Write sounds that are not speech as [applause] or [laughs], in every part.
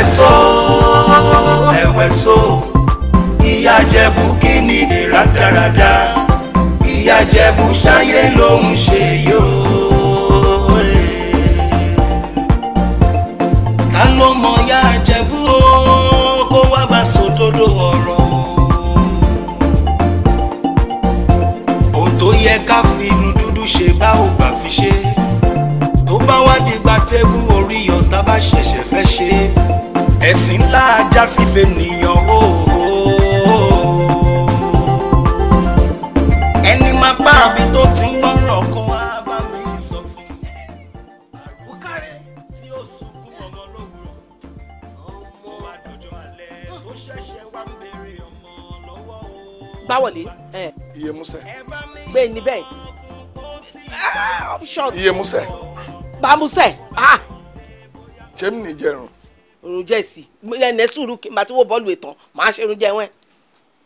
ẹ̀wẹ̀só ẹ̀wẹ̀só ìyá jẹ̀bù kí ni dè rádaràda ìyá jẹ̀bù ṣáyé lòún ṣe yóò. ta ló mọ ya jẹ̀bù o kó wá bá sòdodo ọ̀rọ̀ o. ohun tó yẹ ká fi inú dúdú ṣe bá ò gbà fi ṣe tó bá wá dìgbà tébù orí ọ̀tá bá ṣẹ̀ṣẹ̀ fẹ́ ṣe é ẹ̀sìn ńlá ajá sí fèmíyàn o. ẹni máa bá àbí tó ti ń gbọ́ràn kó wá bá mi sọ fún mi. àwòkárẹ́ tí ó sunkún ọmọ lówùrọ̀ tó wá dọjọ́ alẹ́ tó ṣẹ̀ṣẹ̀ wá ń béèrè ọmọ lọ́wọ́ o. ni iye musẹ. gbé e ah, ah. ní bẹ́ẹ̀ iye musẹ. bá musẹ. jẹ́mi nìjẹ̀rùn òrùjẹ sí ẹnẹ sùúrù kí n bá ti wo bọ́ọ̀lù ìtàn màá ṣe irun jẹun ẹ.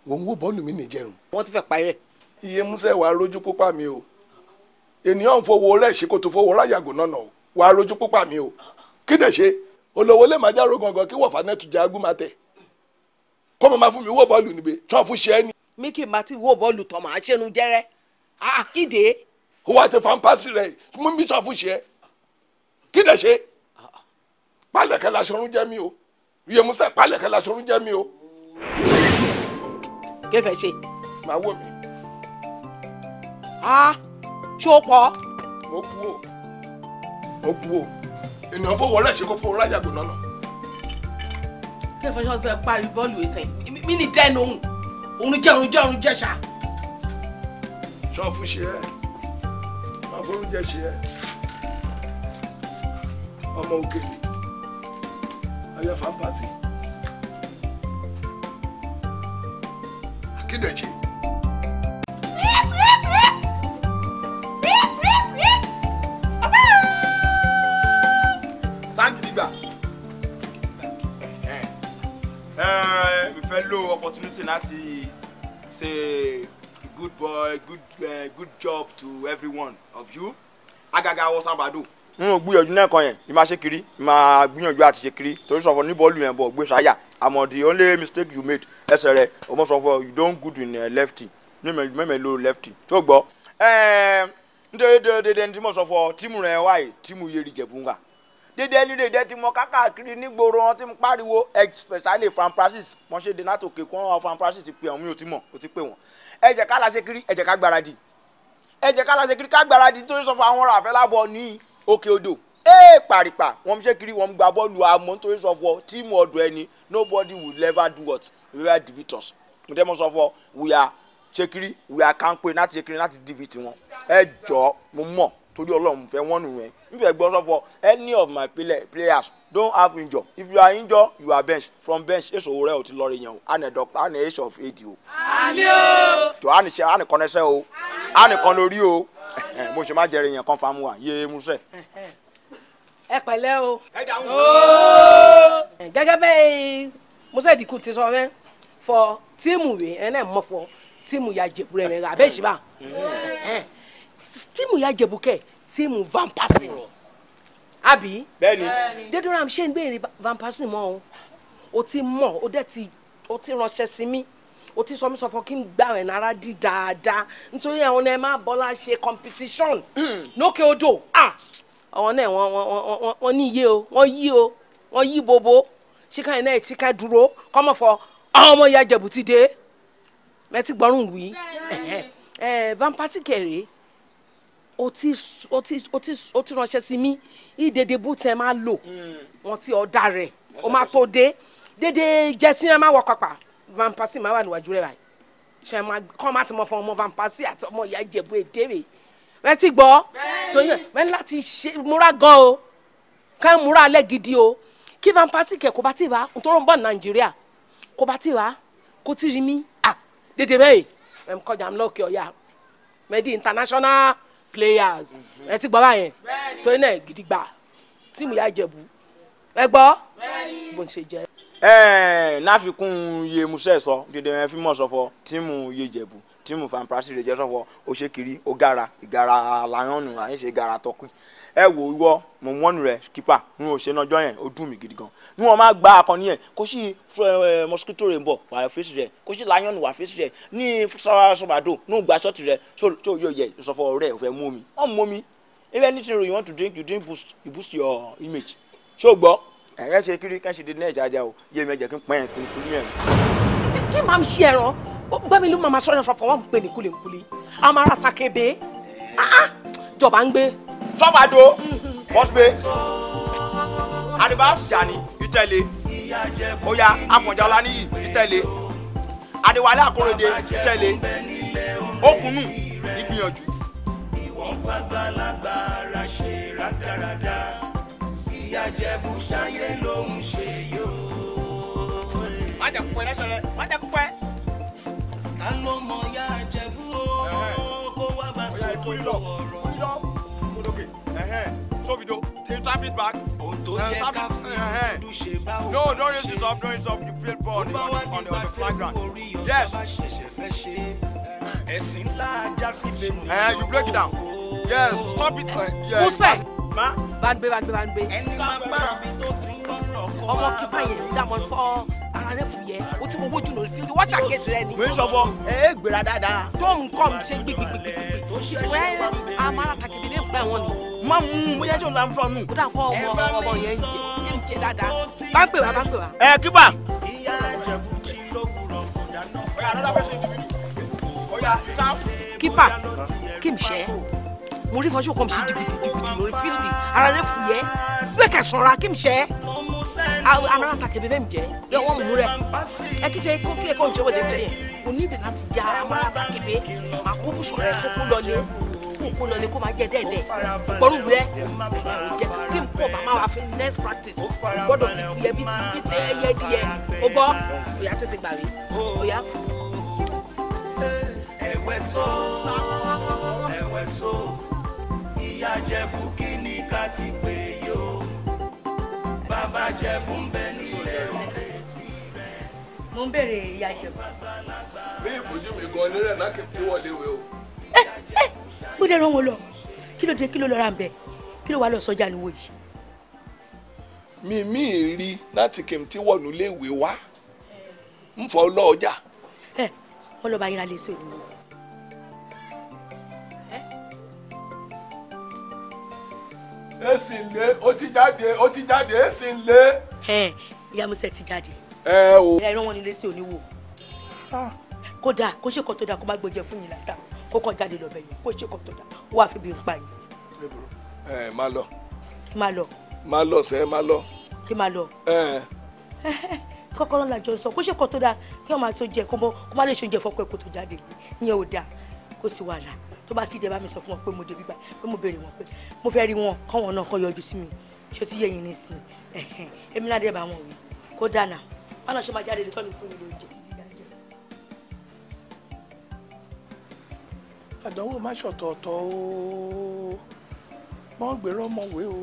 wò ń wo bọ́ọ̀lù mi nìjẹrun. wọ́n ti fẹ́ parí rẹ̀. iye musa wàá rojú púpà mi o ènìyàn ń fowó rẹ̀ ṣe kó tó fowó ráyàgò náà nà o wàá rojú púpà mi o kí dẹ̀ ṣe olówó lè máa dárò gangan kí wọ̀fà náà tún jẹ́ agúmatẹ kó mo máa fún mi wó bọ́ọ̀lù níbi tí wọ́n fún ṣe é mi kì máa ti wó bọ́ọ̀lù tán màá ṣẹnu jẹ́rẹ́ àkìdé. Ah, wọ́n ti fa ń rẹ̀ mú mi sọ fún ṣe é kí dẹ̀ ṣe pálẹ̀kẹ́ laṣọrun jẹ́ mi o musa pálẹ̀kẹ́ laṣọrun jẹ́ mi o. kẹfẹ ṣe. màá wò mí. a ṣó pọ. mo kú o mo kú o ènìyàn fowó rẹ ṣe kó fowó rẹ yàgò náà. kẹfẹ ṣe wọn fẹ́ parí bọ́ọ̀lù ẹsẹ̀ mi ni dẹ́nu òun òun jẹ́ òun jẹ́ òun jẹ́ ṣá. ṣọ́ọ̀fù ṣe é máa forúnjẹ ṣe é ọmọ òkèlè ayé fantasy akédèjì. sáàgìdìgbà opportunity láti say good boy good uh, good job to everyone of you agaga wọ́sàbàdò n ò gbìyànjú náà kan yẹn ni máa ṣe kiri máa gbìyànjú àti ṣe kiri torí sọfọ ní bọ́ọ̀lù yẹn bọ̀ gbé sáyà àmọ́ the only mistake you made ẹsẹ̀ rẹ ọmọ sọfọ you don good in uh, lefty mẹ́mẹ́ ló lefty tó gbọ́ nítorí dédé ní tí mo sọfọ tíìmù rẹ wáyé tíìmù yeri jẹ̀bùngà dédé ní dédé tí mo kákàkiri nígboro wọn ti ń pariwo especially Frank Francis mo ṣe dènà tòkè kí wọn wá Frank Francis ti pè wọn mi ò ti mọ̀ ò ti pè wọn ẹ jẹ́ ká la ṣe kiri ẹ jẹ́ ká gbáradì ẹ jẹ́ ká la ṣe kiri ká gbáradì nítorí sọfọ àwọn ọ̀rọ̀ àfẹ́lábọ̀ níyì òkè odò ee pàrìpà wọ́n fi ṣe kiri wọ́n gba bọ́ọ̀lù àmọ́ nítorí sọ fún ọ tíìmù ọ̀dọ̀ ẹni nobody will ever do what we were the victors mo dẹ́ mọ́ sọ we are ṣe we are campaign láti ṣe kiri láti dv tiwọn ẹ jọ mo mọ̀ torí ọlọ́run fẹ́ wọ́n nù yẹn nífẹ̀ẹ́ gbọ́n sọ́fọ́ any of my players don't have injure if you are injure you are bench from bench èso rẹ ò ti lọ rẹ yẹn o àná ẹ̀dọ́gba àná age of eighty o. àmì o. jọ àní ṣe àní o àní kan lórí o mo eh, ṣe má jẹrẹ yẹn kan fáwọn wa yé musẹ. ẹ pẹ̀lẹ́ o. ẹ dààmú. gẹ́gẹ́ bẹ́ẹ̀ musa ìdínkù ti sọ rẹ fọ tíìmù rẹ ẹ náà mọ̀ fọ tíìmù ya jẹ̀bù rẹ rẹ abẹ́ ìṣìbá eh, tíìmù ya jẹ̀bù kẹ tíìmù vampasi Abi àbí. bẹ́ẹ̀ni. dedoram ṣe ń gbé vampasi mọ́ o o ti mọ̀ o dẹ̀ ti o ti ránṣẹ́ sí mi o ti sọ mi sọ fún kí n gbà rẹ̀ náírà dì dáadáa nítorí àwọn ẹ máa bọ́lá ṣe competition lókè odò àwọn náà wọ́n ní iye o wọ́n yí o wọ́n yí bobo ṣíkà iná ẹ̀ ṣíkà dúró kọ́mọ̀ fọ àwọn ọmọ ìyá jẹ̀bù ti dé mẹ́tí gbọ́rùn wí vampasike rèé o ti o ti o ti o ti ránṣẹ́ sí mi ìdèdè bùtù ẹ máa lò hmm. wọ́n ti ọ̀dà rẹ̀ o máa tó dé dédé jẹ́sìn ẹ máa wọ pàpà vampasi máa wà níwájú rẹ̀ báyìí ṣe máa kọ́ máa ti mọ fún ọmọ vampasi àti ọmọ ìyá ìjẹ̀bú èdèrè rẹ ti gbọ́ tóyún rẹ láti ṣe múra gan o ká múra alẹ́ gidi o kí vampasi kẹ̀ kó bá ti wá nítorí ń bọ̀ nàìjíríà kó bá ti wá kó ti rí mi à dédé bẹ́ẹ̀ ẹ̀ ń kọjá lọ́ọ̀kì ọ̀yà mẹ́dí international players ẹ ti gbọ́ báyẹn tóyún náà gidigba tíìmù ìyá ìjẹ̀bú ẹ gbọ́ bó ń ṣe jẹ́. Eh, n'afikun ye musa sọ dede ẹ fi mọ sọfọ tíìmù ye jẹbu tíìmù fanprasi rẹ jẹ sọfọ o ṣe kiri o gara ìgara làyànnù àyìn ṣe gara tọkùn ẹ wò wọ mo wọnú rẹ kípa n ò ṣe nájọ yẹn ó dùn mí gidi gan n ò máa gba akọni yẹn kó sì eh, mosquito rẹ ń bọ wà á fèsì rẹ kó sì láyọnù wà á fèsì rẹ ní sọmọdún ní ògbà O rẹ tó yóò yẹ ìsọfọ rẹ ò fẹ mú mi ọ mú mi if anything you want to drink you drink boost you boost your image ṣé o ẹ ṣe kiri ká ṣe dédé náà jájá o yé mi ẹ jẹ kí n pẹ́ kí n kú ní ẹ̀. kí n máa ń ṣe ẹran gbẹ́mi ló máa ṣọ́yàn fọfọ wọn pè ní kulikuli amara sakebe ah, ah, jọba ń gbé. sọ́ba do mm-hmm. wọ́n gbé àdìbá ṣàní ìtẹ̀lé oya afọ̀jọ́lá níyì ìtẹ̀lé àdìwálé àkòròdé ìtẹ̀lé okùnù ìgbìyànjú. ìwọ̀n fagbalagbára ṣe rádaràda ajẹ́bù ṣayé ló ń ṣe yóò. má jẹ́ kúpẹ́ lọ́sọ̀ rẹ̀ má jẹ́ kúpẹ́. ta ló mọ ya ajẹ́bù o kó wá bá sọ́kò lọ́wọ́rọ́. Show video. You tap it back. Oh, don't uh, tap it. Uh, uh, no, don't raise it up. Don't raise it up. You feel born on, on, on, on the flagrant. Yes. Uh, you break it down. Yes. Stop it. Uh, yes. Who said? bá. bá ń gbé bá ń gbé bá ń gbé. ẹni máa gbára bí tó ti ń lọ́nà ọkọ wa. ọmọ kípa yẹn dàmọ́ fọ́ ara rẹ fún yẹ o ti wo wojú lórí fílẹ̀ wọ́n ṣàkíyèsí rẹ ni. wíṣọ bọ ẹ gbéra dáadáa. tó nǹkan ṣe gbigbigbigbigbigbi ìṣòwò ẹ amara kàkiri ní ìpẹ́ wọn ni má mú un bóyá tí o la ń fọ nù. ó dà fọ ọmọ ọmọ yẹn ń jẹ ń jẹ dáadáa bá ń pè wá bá ń pè wá. ẹ kíbà. ìyá ìjẹ̀bù jí lókùrọ̀ kò dáná. kíbà kí n ṣe mo rí fọṣọ kọ́ mi ṣe jìbìtì jìbìtì lórí fíldì ara rẹ fúyẹ́ síbẹ̀kẹ̀ sọ̀rọ̀ kí n ṣe amara ta kẹ̀bẹ̀ bẹ́ẹ̀ mi jẹ́ yọ wọ́n mú rẹ ẹ kí jẹ́ kó kí ẹ kó n jẹ́ wọ́n jẹ́ yẹn kò ní ìdènà ti já amara ta kẹ̀bẹ̀ máa kó bùsùn rẹ kó kó lọlé kó kó lọlé kó máa jẹ dẹ́ẹ̀dẹ́ gbọ́rù rẹ jẹ kí n pọ̀ màmá wa fi next practice gbọ́dọ̀ ti fi ẹbí ti bí ti ẹyẹ díẹ̀ o gbọ́ òyà tètè gbàwé òyà. ẹ̀wẹ̀ so ẹ̀wẹ̀ so ajẹ́bù kí ni ká ti pè yó bàbá jẹ̀bù ń bẹ nílẹ̀ ọ̀rẹ́ tí rẹ̀. mo ń bèrè ìyá jẹ̀bù. bí ìfojú mi gan onírẹ̀ náà kì í tí wọ́n léwe o. ẹ eh, ẹ eh, mo dẹ̀ rán wọn lọ kí ló dé kí ló lọ ra ń bẹ kí ló wàá lọ sọjà níwò yìí. mi mi rí láti kí n tí wọnú léwe wá ń fọ lọ́ọ̀jà. ẹ eh, wọn lọ bá yín ra lè so ìlú wọn. èsì ń lé ó ti jáde ó ti jáde èsì ń lé. ẹ ìyá musa ti jáde. ẹ o. ẹ rán wọn nílé sí oníwò. Ah. kódà kó ṣe kọ́ tó dáa kó má gbẹjẹ fún yín látà kó kàn jáde lọ bẹ̀yìn kó ṣe kọ́ tó dáa wọ́n á fi bí n pa yín. ẹ má lọ. kí má lọ. má lọ sẹ má lọ. kí má lọ. [laughs] kọ́kọ́rọ́ làjọ sọ kó ṣe kọ́ tó dáa kí wọ́n máa so jẹ kó má lè so jẹ fọ́kọ́ ẹ̀kọ́ tó jáde ìyẹn ò dáa kó sì wà láà tó bá ti dé bá mi sọ fún wọn pé mo débi báyìí pé mo béèrè wọn pé mo fẹ́ rí wọn káwọn náà kọ́ yọjú sí mi ṣé ti yé ní sí i èmi náà dé bá wọn wí kó dànà wọn náà ṣe máa jáde lè tọ́ mi fún mi lóúnjẹ. àdánwò má ṣọ̀tọ̀ọ̀tọ̀ o mọ́ gbèrò ọmọwé o.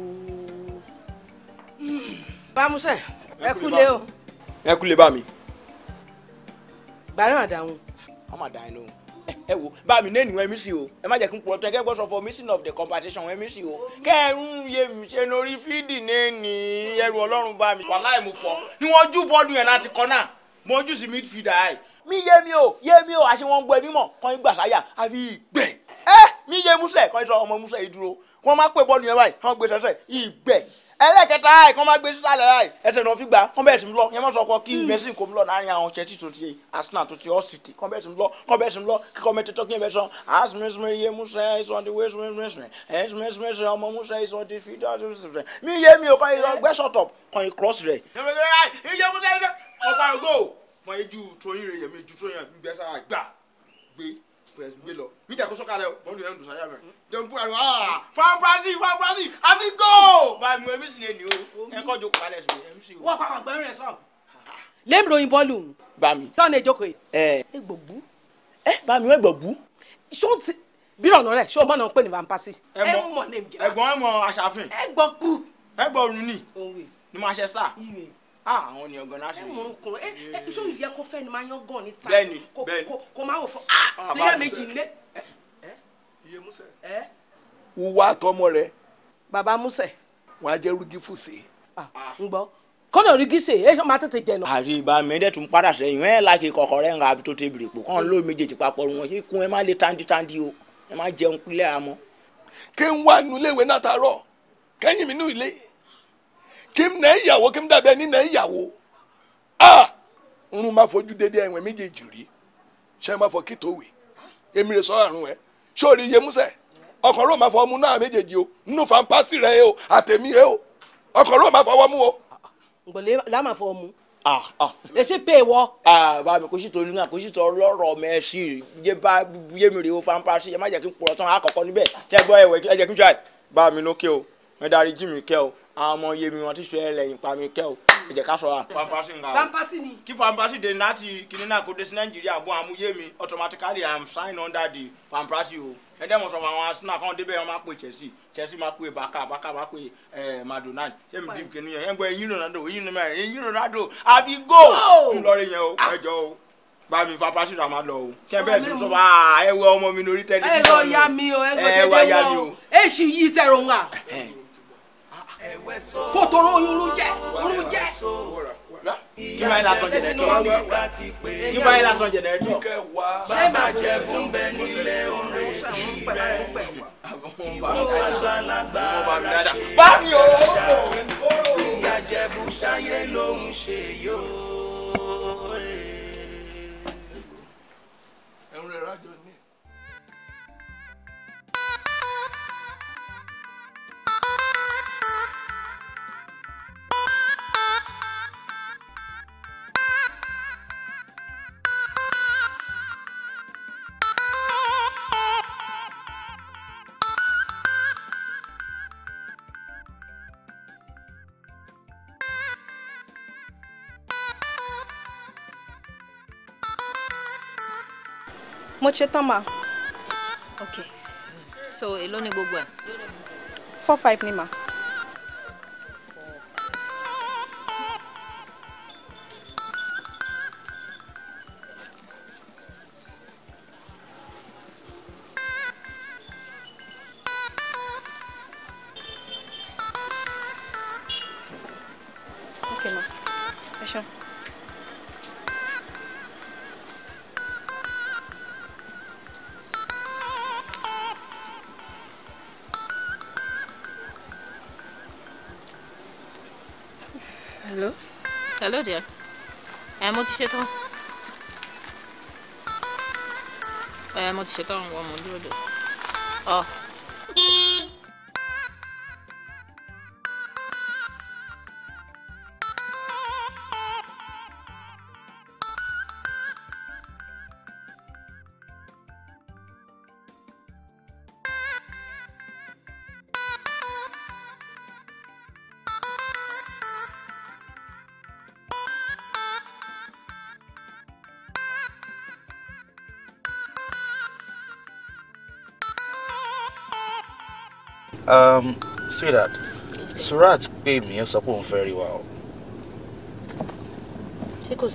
bámusẹ̀ ẹ kúlé o. ẹ kúlé bá mi. gbàrẹ́ màdàmú. wọ́n màdàmú ẹ wo bá mi ní ènìyàn mc o ẹ má jẹ́ kí n purọ́ tán kẹ́ gbọ́sọ̀ for missing of the competition wọn mc o kẹ́rùn yé mi ṣe lórí fídì ní ní ẹrù ọlọ́run bá mi. wàhálà ìmú fọ ni wọ́n jú bọ́ọ̀dù yẹn láti kọ́ náà mo jù sí midfielder ẹ̀. mi yé mi o yé mi o àṣẹ wọn gbọ ẹbí mọ kàn ń gbà sáyà àfi gbẹ ẹ mi yé musẹ kàn ń sọ ọmọ musẹ yìí dúró wọn má pè bọ́ọ̀lù yẹn báyìí wọn gbé sẹsẹ ìgbẹ ẹlẹ́kẹta ẹ̀ kọ́ máa gbé sísàlẹ̀ ẹ̀ ẹsẹ̀ náà fi gbà kọ́ńbẹ̀ẹ́sì ń lọ yẹn mọ̀ sọ́kọ́ kí mẹ́sìn kò ń lọ láàrin àwọn ṣẹ́tì tó ti Arsenal tó ti ọ̀sìtì kọ́ńbẹ̀ẹ́sì ń lọ kọ́ńbẹ̀ẹ́sì ń lọ kí kọ́mẹ́tì tó kí ẹ bẹ sọ àásùmẹ́sùmẹ́ iye musa ìsọ̀ ti wé sùmẹ́sùmẹ́sùmẹ́ ẹ̀ sùmẹ́sùmẹ́sùmẹ́ ọmọ musa ìsọ̀ ti fi dá sùmẹ́sùmẹ́ mi yé mi ò kọ́ ìlọ gbẹ́sọ̀tọ̀ kọ́ ì cross rẹ̀. ọ̀pá ògo mọ̀ ejú tóyìn rẹ̀ yẹ̀ mi ju tóyìn rẹ̀ gbẹ́sà gbà gbé pẹ̀lú gbé lọ níta kó sọ́kà rẹ bọ́ọ̀lù ẹ̀ ń dùn sáyà mẹ́. jẹun buhari wa fún ah, brazil fún brazil àfi go. báyìí mo mc lè ní o ẹ kọ́ jókòó alẹ́ sùn mc. wọ́n pa àgbà rẹ̀ sọ. lẹ́mi ah. ròyìn bọ́ọ̀lù. bami. tọ́ni ejoko yìí. ẹ ẹ gbògbú. ẹ bami ẹ gbògbú. ṣó ti bí ọ̀nà rẹ̀ ṣó mọ̀nà pé ní vampasi. ẹ mọ̀ ẹgbọ́n ẹ mọ̀ aṣàfin. ẹ gbọ́ kú. ẹ gbọ́ ọ̀run ni ni mo ṣe sáà. ìwé Ah, àwọn ni ọgàn láti rí. ẹ mú un kun ẹ ẹ ṣó yẹ kó fẹ́ ni máa yán gan níta. bẹ́ẹ̀ni bẹ́ẹ̀ni kò máa wò fún a ah, ah, léyà méjì nílé. iye musẹ. wúwa àtọmọ rẹ. bàbá musẹ. wọn á jẹ rúgí fùsè. n gbọ́ kọ́nà rúgí sè é máa tètè jẹ nù. àríba mẹ́ẹ̀dẹ́ tún padà sẹ́yìn ẹ̀ láti kọ̀kọ́ rẹ̀ ń ra tó tẹ̀ bìrìpò kàn ló méjèèjì papọ̀ wọn ṣe kún ẹ má lè tándítándí o ẹ má jẹun kílẹ̀ àmọ́. kí n wá nulẹ̀ ìwé náà taarọ̀ kẹ́yìn mi nù ilé kí n nà ìyàwó kí n dàbí ẹni nà ìyàwó a ń ma fojú dédé ẹ̀wọ̀n méjèèjì rí ṣe ma fọ kíto wè èmi rè sọ àrùn ẹ e. sórí iye músẹ ọkàn rò ma fọ ọmú náà méjèèjì o nínú fanpasi rẹ e o àtẹmí rẹ o ọkàn rò ma fọ ọwọ́ o. ngbọ̀lẹ́ la ma fọ ọmú èsì pé pe bá mi kò sí torí náà kò sí torí ọ̀rọ̀ mi ẹ sí yé bá yé mi rè o fanpasi ẹ má jẹ́ kí n pọ̀ tán àkọ́kọ́ níbẹ̀ tẹ́ gbọ́ ẹ̀wẹ̀ ẹ jẹ́ kí n jọ àì bá mi lókè o mẹ́ta rí jì mí kẹ́ o àwọn ọmọ yẹmi wọn ti sọ ẹ lẹ́yìn pami kẹ o ẹ ká sọ wa. pampasi nga pampasi ni. kí pampasi de láti kìnínní náà kó dé sí nàìjíríà bó àmú yẹmi automatically I'm am signed under the pampasi o ẹdẹ mọ sọ àwọn arsenal fáwọn débẹ wọn máa pe chelsea chelsea máa pe baka baka máa pe ẹ madonad sẹmi dìbò kìnìún yẹn ẹgbẹ ẹyin ronaldo ẹyin ronaldo ẹyin ronaldo àbí go ńlọrin yẹn o ah! ẹjọ o bá mi fa pásítọ̀ àmà lọ o kẹ bẹ́ẹ̀ sì sọ fà ah, ẹ wọ ọmọ mi lórí tẹlifíṣàn ẹ wọ ya mi o ẹ wọ dédé wọn o èsì yìí tẹ̀rọ̀ wọn kó tọrọ oyún ló jẹ ló jẹ. yíma yín lásán jẹnẹrétọ yíma yín lásán jẹnẹrétọ. ṣé màá jẹ búnbẹ nílé orin tí rẹ ìwọ àgbàlagbà rẹ ṣe ìyá jẹ bùsáyé ló ṣe yóò. mo ṣe tán ma. ok so èló ni gbogbo ẹ. four five ni ma. 好了呀，哎，莫切头，哎，莫切头，我摸着了，哦。um, that? Surat paid me. ó sọ very well. fẹ́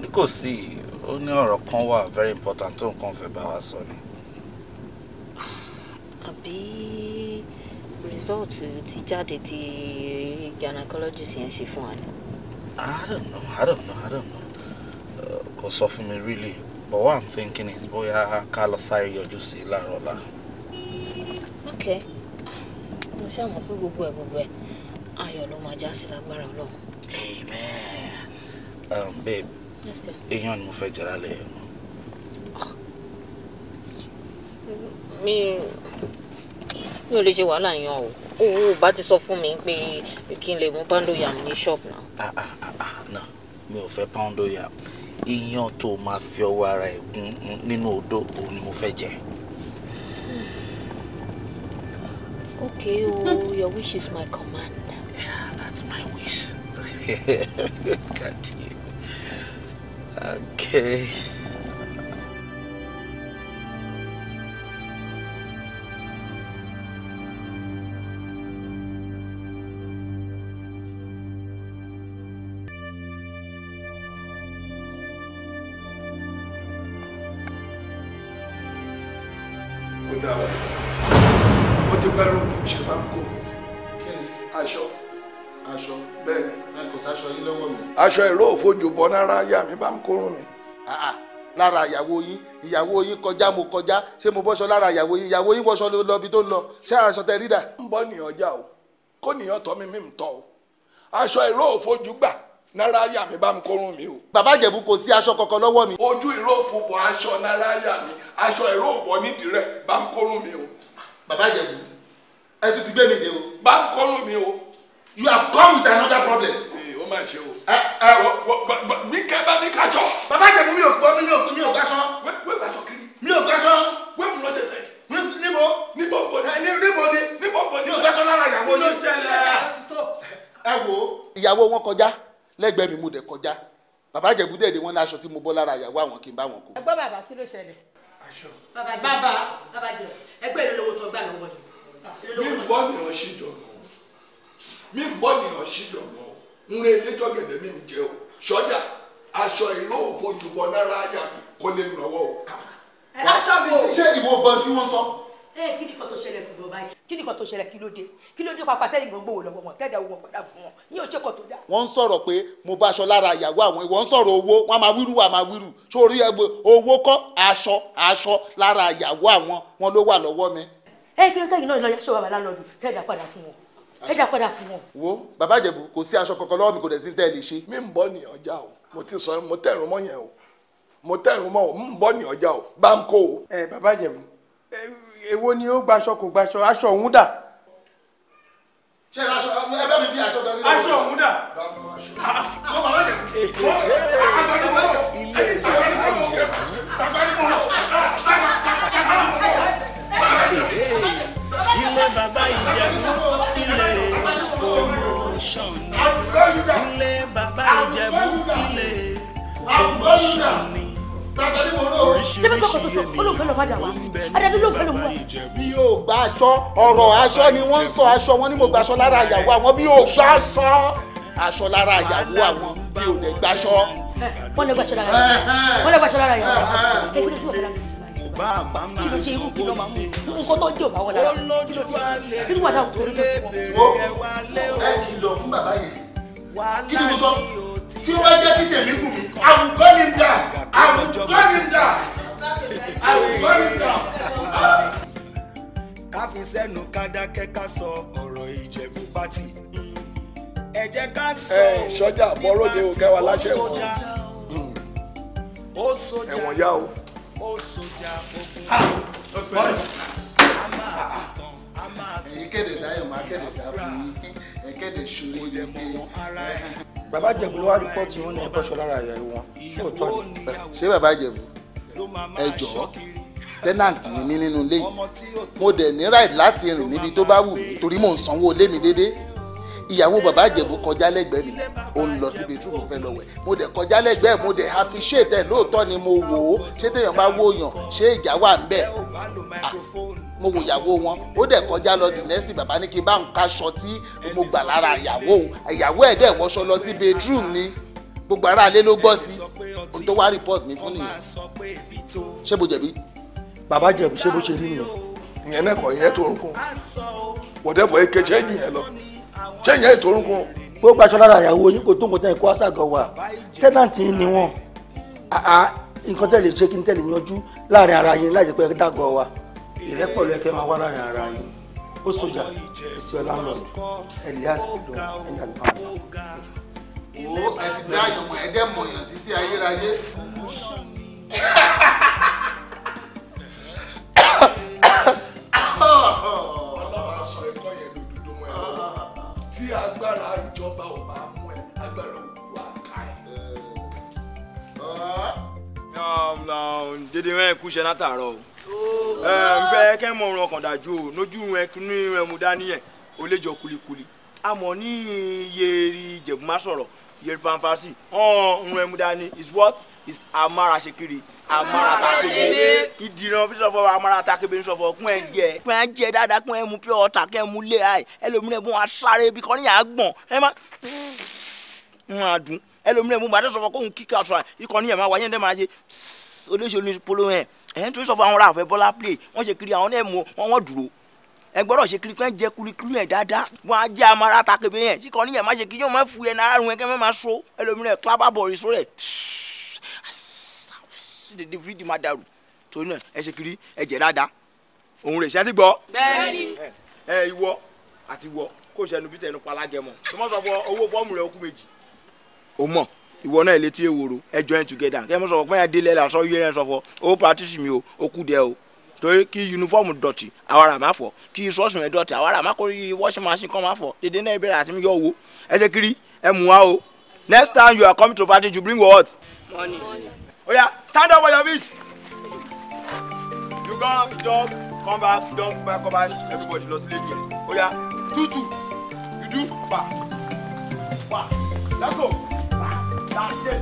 rí Only our convo are very important to confirm fẹ́ bá wa sọ ni. àbí result ti jáde ti gynecologist yẹn ṣe fún wa I don't know I don't know I don't know kò sọ fún mi really but what I'm thinking is bóyá ká lọ sáré yọjú sí i láàárọ̀ ọ̀la. La. Àbíkẹ́ mo ṣáà mọ̀ pé gbogbo ẹ̀ gbogbo ẹ̀ ayọ̀ ló máa já sí lágbára Ọlọ́run. amen um, babe èèyàn ni mo fẹ́ jẹ lálẹ́ yẹn. mi mi ò lè ṣe wàhálà yan o owó ò bá ti sọ fún mi pé kí n lè mú pando yam ní ṣọ́ọ̀bù náà. ah ah ah ah no mi ò fẹ́ pando yam iyán tó máa fi ọwọ́ ara ẹ̀ gún nínú odó òun ni mo fẹ́ jẹ. Okay, oh, your wish is my command. Yeah, that's my wish. [laughs] Continue. Okay. bọ́ lára aya mi bá ń kórùn mi. Ah, ah, lára ìyàwó yín ìyàwó yín kọjá mo kọjá ṣé mo bọ́ṣọ lára ìyàwó yín ìyàwó yín wọṣọ lọ ibi tó ń lọ ṣé aṣọ tẹ rí dà. ń bọ́ nìyàn já o kó nìyàn tọ́ mi mí ń tọ́ o aṣọ ìró òfojú gbà náírà ayà mi bá mi kórun mi o. bàbá ìjẹ̀bú kò sí aṣọ kankan lọ́wọ́ mi. ojú ìró òfobọ̀ aṣọ náírà ayà mi aṣọ ìró òbọ̀ nídìí rẹ̀ bá mi kórun mi o. bàbá ìjẹ̀bú ẹ tún ti gbé mi dé o. bá mi kórun mi o. you have come with another problem ó mà ṣe o. ẹ ẹ wọ mi kẹ bá mi kájọ. bàbá jẹ̀bú mi ò gbọ́ mi ò mi ò gbàṣọ. wé gbàṣọ kiri. mi ò gbàṣọ. wé mu lọ sẹsẹ. níbo níbo bò ní. níbo ni níbo bò ní. mi ò gbàṣọ lára ìyàwó ni. ẹ wo ìyàwó wọn kọjá lẹ́gbẹ̀ẹ́ mi mú dẹ kọjá bàbá jẹ̀bú dẹ̀ ni wọ́n ní aṣọ tí mo bọ́ lára ìyàwó àwọn kí n bá wọn kó. ẹgbẹ́ bàbá kí ló ṣẹlẹ̀. aṣọ. bàbá bàbá bàbá jẹ ẹgbẹ́ ìlú lówó tó gbà lọ́wọ́ yìí. mi gbọ́ ni ọ̀ṣìjọ́ mi gbọ́ ni ọ̀ṣìjọ́ nre elétò gẹ̀dẹ̀ mi jẹ́ o sọ́jà aṣọ ìró òfojúbọ náírà ayà mi kò lè nọwọ́ o. aṣọ wo ṣé ìwọ gan tí wọ́n sọ. ee kí ni kan tó ṣẹlẹ̀ kí báyìí kí ni kan tó ṣẹlẹ̀ kí ló dé kí ló dé pàpà tẹ́lẹ̀ ìgbọ̀ngbò wò lọ́wọ́ wọn tẹ́lẹ̀ owó padà fún wọn ní òṣè kan tó dá. wọ́n ń sọ̀rọ̀ pé mo bá aṣọ lára ìyàwó àwọn ìwọ sọ̀rọ̀ owó wọn máa wíru wọn máa wíru sórí owó kọ́ aṣọ aṣọ lára ìyàwó àwọn wọn ló wà lọ́wọ́ mi. ẹ kí ló tẹ́yìn náà lọ ẹ jà padà fún wọn. wo bàbá ìjẹ̀bù kò sí aṣọ kankan lọ́wọ́ mi kò dẹ̀ sí tẹ́ lè ṣe. mi ń bọ́ ní ọjà o mo ti sọ mo tẹ̀rùn mọ́ yẹn o mo tẹ̀rùn mọ́ o ń bọ́ ní ọjà o bá o. ẹ bàbá ìjẹ̀bù èwo ni ó gbaṣọ kò gbaṣọ aṣọ òun dà. ṣé aṣọ ẹ bá mi bí aṣọ dání. aṣọ òun dà. mo bàbá ìjẹ̀bù. ilé ìjẹ̀bù ilé bàbá ìjẹ̀bù promotion ni ilé bàbá ìjẹ̀bú ilé promotion ni ṣé bẹ́ẹ̀ kọ́kọ́ tó sọ olóòfẹ́ ló padà wá adájọ́ olóòfẹ́ ló mú wa. bí yóò gba aṣọ ọ̀rọ̀ aṣọ ni wọ́n ń sọ aṣọ wọn ni mo gba aṣọ lára ìyàwó àwọn bí yóò gba aṣọ aṣọ lára ìyàwó àwọn bí yóò dẹ̀ gbaṣọ. wọ́n lè gbaṣọ lára ìyàwó wọ́n lè gbaṣọ lára ìyàwó bá a máa máa sọ bó mi náà sọ ó lójú wa lè tó lébèrè ẹ wá lé o. ẹ kìlọ̀ fún bàbá yẹn kí ni mo sọ tí ó bá jẹ́ kí tèmi gùn mí àwùjọ ni dà àwùjọ ni dà àwùjọ ni dà. ká fi sẹ́nu ká dákẹ́ ká sọ ọ̀rọ̀ Ìjẹ̀bú pátì ẹ jẹ́ ká sọ òun bí pátì kọ́ sójà ó sójà hmm. ẹ̀wọ̀n yá o ó sojà gbogbo a máa máa kéde Dayọ̀ máa kéde dáfún yín bàbá Ìjẹ̀bú ló wá rìpọ́ọ̀tì wọn ní ẹ̀kọ́ ṣọ lára àyà ìwọ̀n sóòótọ́ ni. ṣé bàbá Ìjẹ̀bú ẹ jọ̀ọ́ tenant ni mí nínú ilé yìí mo dẹ̀ ní right láti rìn níbi tó bá wù mí torí mò ń sanwó ilé mi déédéé ìyàwó bàbá àjẹ̀bù kọjá lẹ́gbẹ̀ẹ́ mi ò ń lọ síbi tí mo fẹ́ lọ wẹ̀ mo dẹ̀ kọjá lẹ́gbẹ̀ẹ́ mo dẹ̀ appreciate ẹ̀ lóòótọ́ ni mo wò ó ṣé téèyàn bá wò yàn ṣé ìjà wà ń bẹ̀ mo wò ìyàwó wọn ó dẹ̀ kọjá lọ the next bàbá ní kí n bá ń kaṣọ tí mo gbà lára ìyàwó ìyàwó ẹ̀ dẹ̀ wọṣọ lọ sí bedroom ni gbogbo ara alẹ́ ló gbọ́ sí ohun tó wá report mi fún nìyẹn ṣé mo jẹ̀bi. bàbá jẹ̀bi ṣé bó ṣe rí nìyẹn. ìyẹn náà kọ̀ yẹn tó ń kún whatever eke change yẹn lọ sẹ́yìn ètò orúnkún gbogbo aṣọ lára ìyàwó yín kò tó nǹkan tẹ́ ẹ̀ kó aṣáàgọ̀ wà tẹ́nàntì ni wọ́n nǹkan tẹ́ lè ṣe kí n tẹ́lẹ̀ yanjú láàrin ara yín láì jẹ́ pé ẹ dàgọ̀ wà ìrẹ́pọ̀ ló yẹ kẹ́ máa wá láàrin ara yín ó sọjà èsì ọ̀la ń lọ Elias Odo ẹ̀dá lọ́wọ́. wo ẹ ti dá àyànmọ́ ẹ̀dẹ́mọ̀yàn títí ayérayé. [laughs] ìran ẹ̀kú ṣe látàárọ̀ o n fẹ́ kẹ́ mọ ọ̀run ọkàn dájú o lójú ẹkùnú ìran mu dání yẹn o lè jọ kulikuli a mọ̀ ní yeri jẹ̀bùmá yeri panfasi ọ̀run ẹ̀mú dání is what is amara ṣekiri amara takebe ìdìran fi sọ̀fọ̀ amara takebe sọ̀fọ̀ kún ẹ̀ jẹ́ kún ẹ̀ jẹ́ dáadáa kún ẹ̀ mú pure water kẹ́ mú lé ayé ẹlòmíràn bó wọn sáré bí kọ́ni yàrá gbọ̀n ẹ̀ má ń adùn ẹlòmíràn bó wọn adé sọ̀fọ̀ kóhun kíkà sọ̀rọ̀ ìkọ́ni yàrá wáyé ẹ̀ máa ṣe psss olóṣèlú ní polo yẹn ẹ̀yìn tó sọ fún àwọn ọ̀rọ̀ bọ́lá play wọ́n ṣe kiri àwọn náà mú wọn wọ́n dúró ẹ gbọ́dọ̀ ṣe kiri fẹ́ jẹ kulikuli yẹn dáadáa wọn á jẹ́ amara ta kébé yẹn síkọ níyẹn má ṣe kiri yóò má fu yẹn náírà rún yẹn kẹ́ mẹ́ má so ẹlòmíràn kílábà bọ̀ rí so rẹ̀ dèdè fídì má dàrú torí náà ẹ ṣe kiri ẹ jẹ dáadáa òun rè ṣe àti gbọ́. bẹ́ẹ̀ni. ẹ ìwọ àti ìwọ kò ṣẹnu bí tẹnu pa alágẹmọ tó má sọ fọ owó fọ́ọ̀mù rẹ okú méjì. o mọ̀ ìwọ náà létí eworo ẹ join together kẹ́ ẹ mọ̀ sọ̀rọ̀ pé ẹ délé ẹ̀ sọ yẹ́ ẹ sọ̀fọ̀ ó oh, practice mi o ó kú dẹ o torí kí yunifọ́ọ̀mù dọ̀tí àwọn àmà fọ̀ kí sọ́ọ̀sì rẹ̀ dọ̀tí àwọn àmà kórìí washing machine kan máa fọ̀ dédé náà ìbéèrè àti yọ owó ẹ ṣe kiri ẹ mú wa o next time you are coming to party you bring what. money. oya stand up on your feet. you go jump come back jump back come back everybody lọ sílé ìgbẹ́ oya tutu you do pa pa let's go. dàgé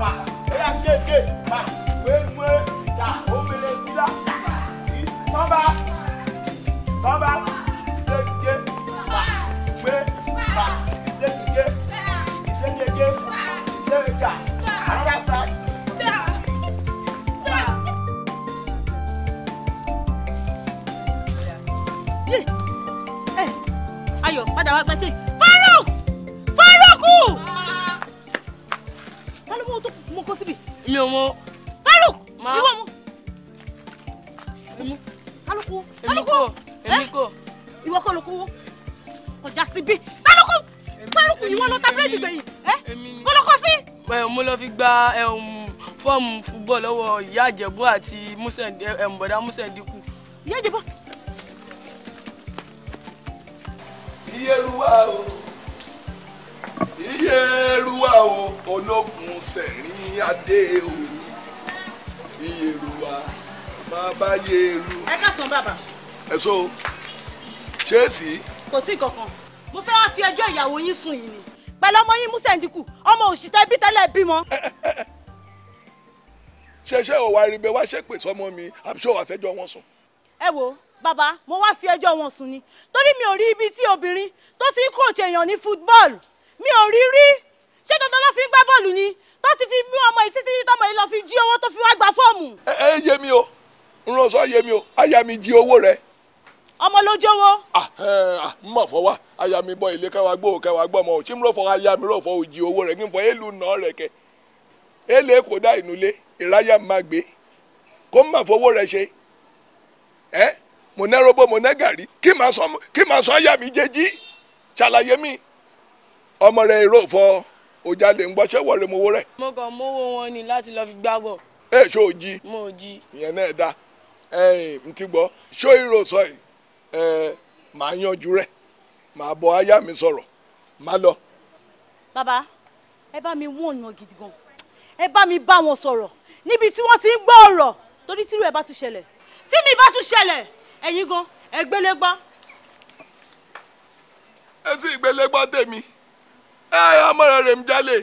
bà ẹ̀yà gègé bà wéwé ìjà omele ìjà tọ́ba tọ́ba gègé bà wé bà ìdégègé ìdégègé ìdégègà àyàtà. ayọ̀ padà wá pẹ́ tí. faruk ta ló mú tó mú kó síbi. mi ò mọ. Faruk ìwọ mu. èmi kálukú kálukú èmi eh? kò. ìwọ kọ́ ló kú wó kọjá síbi kálukú kálukú ìwọ ló ta búrẹ́dì gbẹ̀yìn ẹ́ eh? kó ló kọ́ sí. mo lọ fi gba fọ́ọ̀mù fúbọ̀ lọ́wọ́ ìyá àjẹ̀bú àti bọ̀dá Músẹ̀ndínkù. ìyá àjẹ̀bú. iye ruwa o iyeruwa o ológun sẹ̀rin adé o iyeruwa bàbá yeru. ẹ káàsán bàbá. ẹ so ṣé èsì. kò sí kankan mo fẹ́ wá fi ẹjọ́ ìyàwó yín sùn yìí ni pẹ̀lú ọmọ yín musa ndikù ọmọ òṣìṣẹ́ bí tẹ́lẹ̀ bímọ. [laughs] ṣẹṣẹ ò wá rí bẹ wá ṣépè sọmọ mi àbí ṣé wàá fẹjọ́ wọn sùn. ẹ wo bàbá mo wá fi ẹjọ́ wọn sùn ni torí mi ò rí ibi tí obìnrin tó ti ń kóòtù èèyàn ní fútbọ́ọ̀lù mi ò rí rí ṣé dandan ló fi gbá bọ́ọ̀lù ni tó ti fi mú ọmọ yìí títí tọmọ yìí lọ fi jí owó tó fi wá gba fọ́ọ̀mù. ẹ ẹ yé mi o sọ yé mi o aya mi jí owó rẹ. ọmọ ló jówó. mọ̀ fọ́ wa aya mi bọ ilé kẹwàá gbọ́ kẹwàá gbọ́ ọmọ òtí mi rò fọ́ aya mi rò fọ́ òjì owó rẹ kí n fọ elu nà rẹ kẹ èlé kò dá ìnulé ìráyà má gbé kó má fowó rẹ ṣe ẹ mo nẹ́ robo mo nẹ́ gàrí kí màá sọ aya mi jẹ́ jí ṣàlàyé mi. ọmọ rẹ èrò fọ òjàlè ń gbọ́sẹ̀ wọ̀rẹ́ mowó rẹ̀. mo kàn mówó wọn ni láti lọ fi gbá bọ̀. ẹ ṣó o jí. mo ò jí. ìyẹn náà da ẹ n ti gbọ́ ṣó ìrò sọ yìí ẹ màá yanjú rẹ̀ màá bọ aya mi sọ̀rọ̀ má lọ. bàbá ẹ bá mi wọ́n ọ̀nà gidi gan ẹ bá mi bá wọn sọ̀rọ̀ níbi tí wọ́n ti ń gbọ́ ọ̀rọ̀ torí tírú ẹ̀ bá tún ṣẹlẹ̀ tí mi bá tún ṣẹlẹ̀ ẹ̀yin gan ẹ ẹ sì gbélégbá tèmi ẹ ọmọ rẹ rèé ń jalè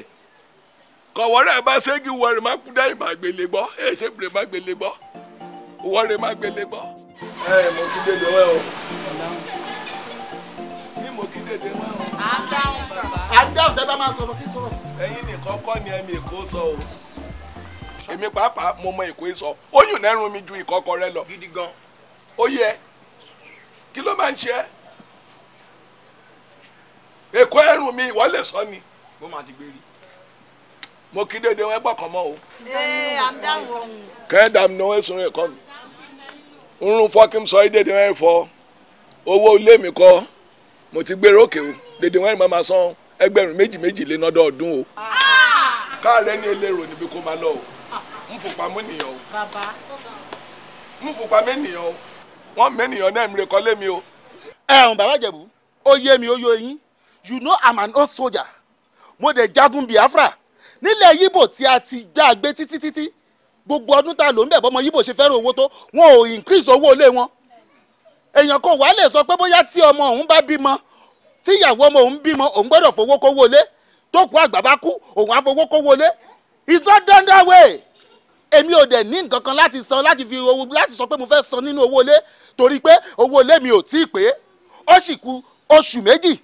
kọ̀wọ́rẹ́ bá ségi wọ̀rẹ́ má kú dáìbà gbélé gbọ́ ẹ ṣe bèrè má gbélé gbọ́ wọ̀rẹ́ má gbélé gbọ́. ẹ mo kí dédé wẹ́ o ní mo kí dédé wẹ́ o. à ń dáhùn máa sọ̀rọ̀ kí sọ̀rọ̀. ẹ̀yin nìkan kọ́ ni ẹ̀mí èkó sọ o. èmi pàápàá mo mọ èkó sọ oyún lẹ́rùn mi ju ìkọ́kọ rẹ lọ. gidi gan. ó yẹ kí ló máa ń ṣe é èkó ẹrù mi ìwọ lè sọ ni. máa ti mo kí dédé wọn kan o. kẹ́ńdà mi ni wọ́n sùn rẹ̀ kọ́ mi. ń rún fọ́ kí n sọ dédé mi kọ́ mo ti gbèrò òkè o dédé wọn máa san ẹgbẹ̀rún méjì méjì lé lọ́dọọdún o. káàárẹ̀ ni eléèrò níbi kó máa lọ o ń fòpá mú nìyàn o ń fòpá o wọ́n mẹ́nìyàn náà mi o. ẹ̀ bàbá ó mi ó yó eyín you know i'm an old soldier mo dẹ̀ jagun biafra nílẹ̀ yíbò tí a ti já gbé títí títí gbogbo ọdún tá a lò ń bẹ̀ bọ́mọ yíbò ṣe fẹ́ràn owó tó wọn ò increase owó ilé wọn èèyàn kan wàá lè sọ pé bóyá tí ọmọ òun bá bímọ tí ìyàwó ọmọ òun bímọ òun gbọ́dọ̀ fowó kówó lé tó kú àgbà bá kú òun á fowó kówó lé it's not done that way èmi ò dẹ̀ ní nǹkan kan láti san láti fi owó láti sọ pé mo fẹ́ san nínú owó lé torí pé owó lé mi ò tí ì pé ó sì kù oṣù méjì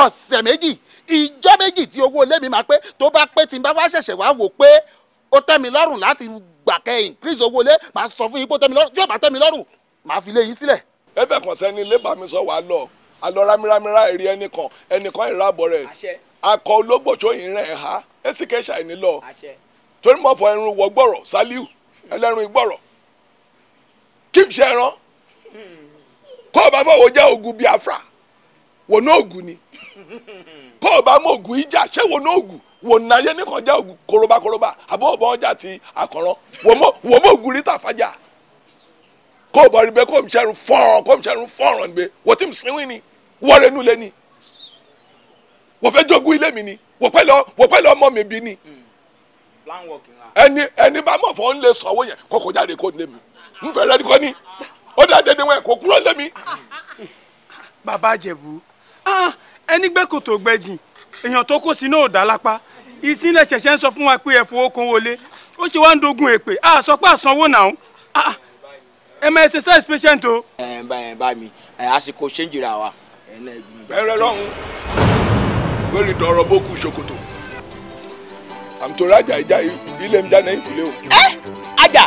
ọ̀sẹ̀ méjì ìjọ́ méjì tí owó ilé mi máa pé tó bá pé tí n bá wá ṣẹ̀ṣẹ̀ wá wò pé ó tẹ́ mi lọ́rùn láti gbà kẹ́ increase owó ilé màá sọ fún yín pé ó tẹ́ mi lọ́rùn tí ó bá tẹ́ mi lọ́rùn màá fi lé yín sílẹ̀. ẹ fẹ́ kàn sẹ́ni ilé bàmí sọ wàá lọ àlọ́ rámírámírá èrè ẹnìkan ẹnìkan ìràbọ̀ rẹ̀ akọ ológbòjó yìí rẹ̀ ha èsì kẹsà ẹni lọ torí mo fọ ẹrun wọ gbọ̀rọ̀ sálíù ẹlẹ́run ìgbọ̀rọ̀ kí n ṣe ẹran hmm. kó o bá fọwọ́ jẹ́ ogun biafra wò ogun ni bó o bá mọ ògùn ìjà ṣé wo ní ògùn wò ní ayé ní kọjá ògùn koroba koroba àbọ̀ ọ̀bọ̀ ọjà ti àkànrán wò mọ ògùn ríta fàjà kó o bọ̀ rí bẹ́ẹ̀ kó o ṣẹ́run fọ́ọ̀rán kó o ṣẹ́run fọ́ọ̀rán níbẹ̀ wò tí mi sinwi ni wọ́n rẹ̀ nulẹ̀ ni wọ́n fẹ́ jogún ilé mi ni wọ́n pẹ́ lọ́ ọmọ mi bí ni hmm. ẹni ẹni bá mọ̀ fọ́ ń lè sọ̀wọ́ yẹn kó kọjá rẹ̀ kó lé mi ń fẹ́ rẹ́ kọ́ ni ó dá dédé wọn kó kúrò lé mi. bàbá àjẹbù ah, ẹni gbé kòtò gbẹ̀jìn èèyàn tó kó sínú òdà lápá ìsínlẹ̀ ṣẹ̀ṣẹ̀ ń sọ fún wa pé ẹ fowó kan wọlé ó ṣe wá ń dogun èpè a sọ pé àsanwó náà ah, ah. ẹ máa exercise patient o. ẹ bá ẹ bá mi àsìkò ṣéǹjì ra wa. bẹ́ẹ̀rẹ̀ lọ́hùn lórí tọrọ bókù ṣòkòtò àmì tó rájà ìjà ilé ń jáná ìkúlé o. ẹ ajá.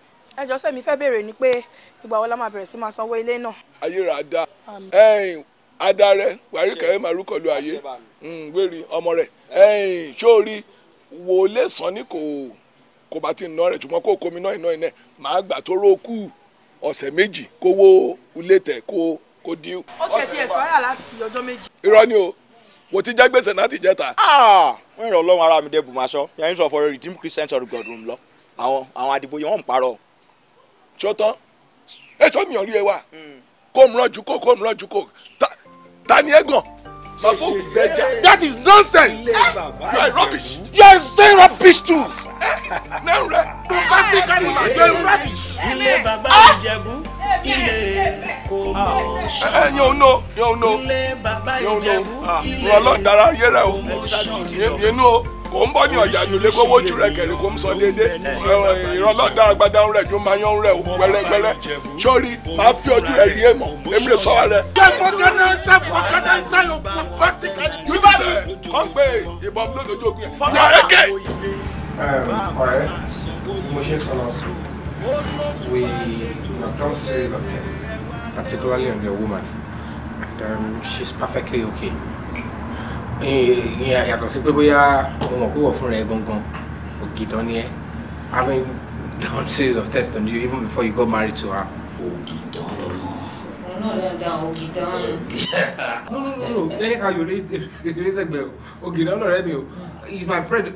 ẹ jọ sẹ́mi fẹ́ béèrè ni pé ìgbà wo la máa bẹ̀rẹ̀ sí máa sanwó ilé náà. ayérada ẹyìn adarẹ wàrí kẹrẹ màrúkọ lu ayé mm, wérí ọmọ rẹ ẹyìn sórí wòlé sàn ni kò kò bá ti nà rẹ ṣùgbọ́n kò komi náà iná iná màá gbà tó rókù ọ̀sẹ̀ méjì kó wó ilé tẹ̀ kó kó di. ó ṣe ti ẹ̀sìpáyà láti ọjọ́ méjì. irọ́ ni o wò ti jẹ́ gbèsè náà ti jẹ́ ta. Ah! wọ́n ìrọ̀ ọlọ́run mi dé bùmáṣọ́ yẹn ń sọ fọ́ọ́rọ́ redeemed christian church god room lọ àwọn àwọn àdìbò yẹn wọ́n ń parọ́ tí ó tán ètò mi ò rí ẹ wá hmm. kó mìíràn jù kó kó mìíràn jù kó ta ni ẹ gàn bàbá òkú gbẹjà. that is nonsense you are rubbish you are saying rubbish too. mẹ́rin rẹ̀ tó bá sí kárìmà you are rubbish. ilé bàbá ah! ìjẹ̀bú ilé kò mọ̀ ah. ṣọ́. yóò no yóò no yóò no ìrọ̀lọ́ dára o yẹ́nu o kò ń bọ́ ní ọ̀yà yòlé kówó ojú rẹ̀ kẹ̀lé kò ń sọ déédé ìrọ̀lọ́dà agbada rẹ̀ ju máa yan rẹ̀ gbẹrẹgbẹrẹ sórí máa fi ojú rẹ̀ rí èmọ̀ èmi lè sọ wa rẹ̀. ọ̀rẹ́ mo ṣe sọ lọ sùn we have done series of tests particularly on your woman and um, she's perfectly okay yàtọ̀ sí pé bóyá mo mọ̀ pé wọ̀ fún rẹ̀ gangan ògìdán ni ẹ́ having done series of tests on you even before you got married to her. ògìdán lọ́mọ. òun náà lè dán ògìdán. no no no no lẹ́yìn ká yòrè ìrẹsẹ̀gbẹ̀ ògìdán lọ́rẹ́ mi o he is my friend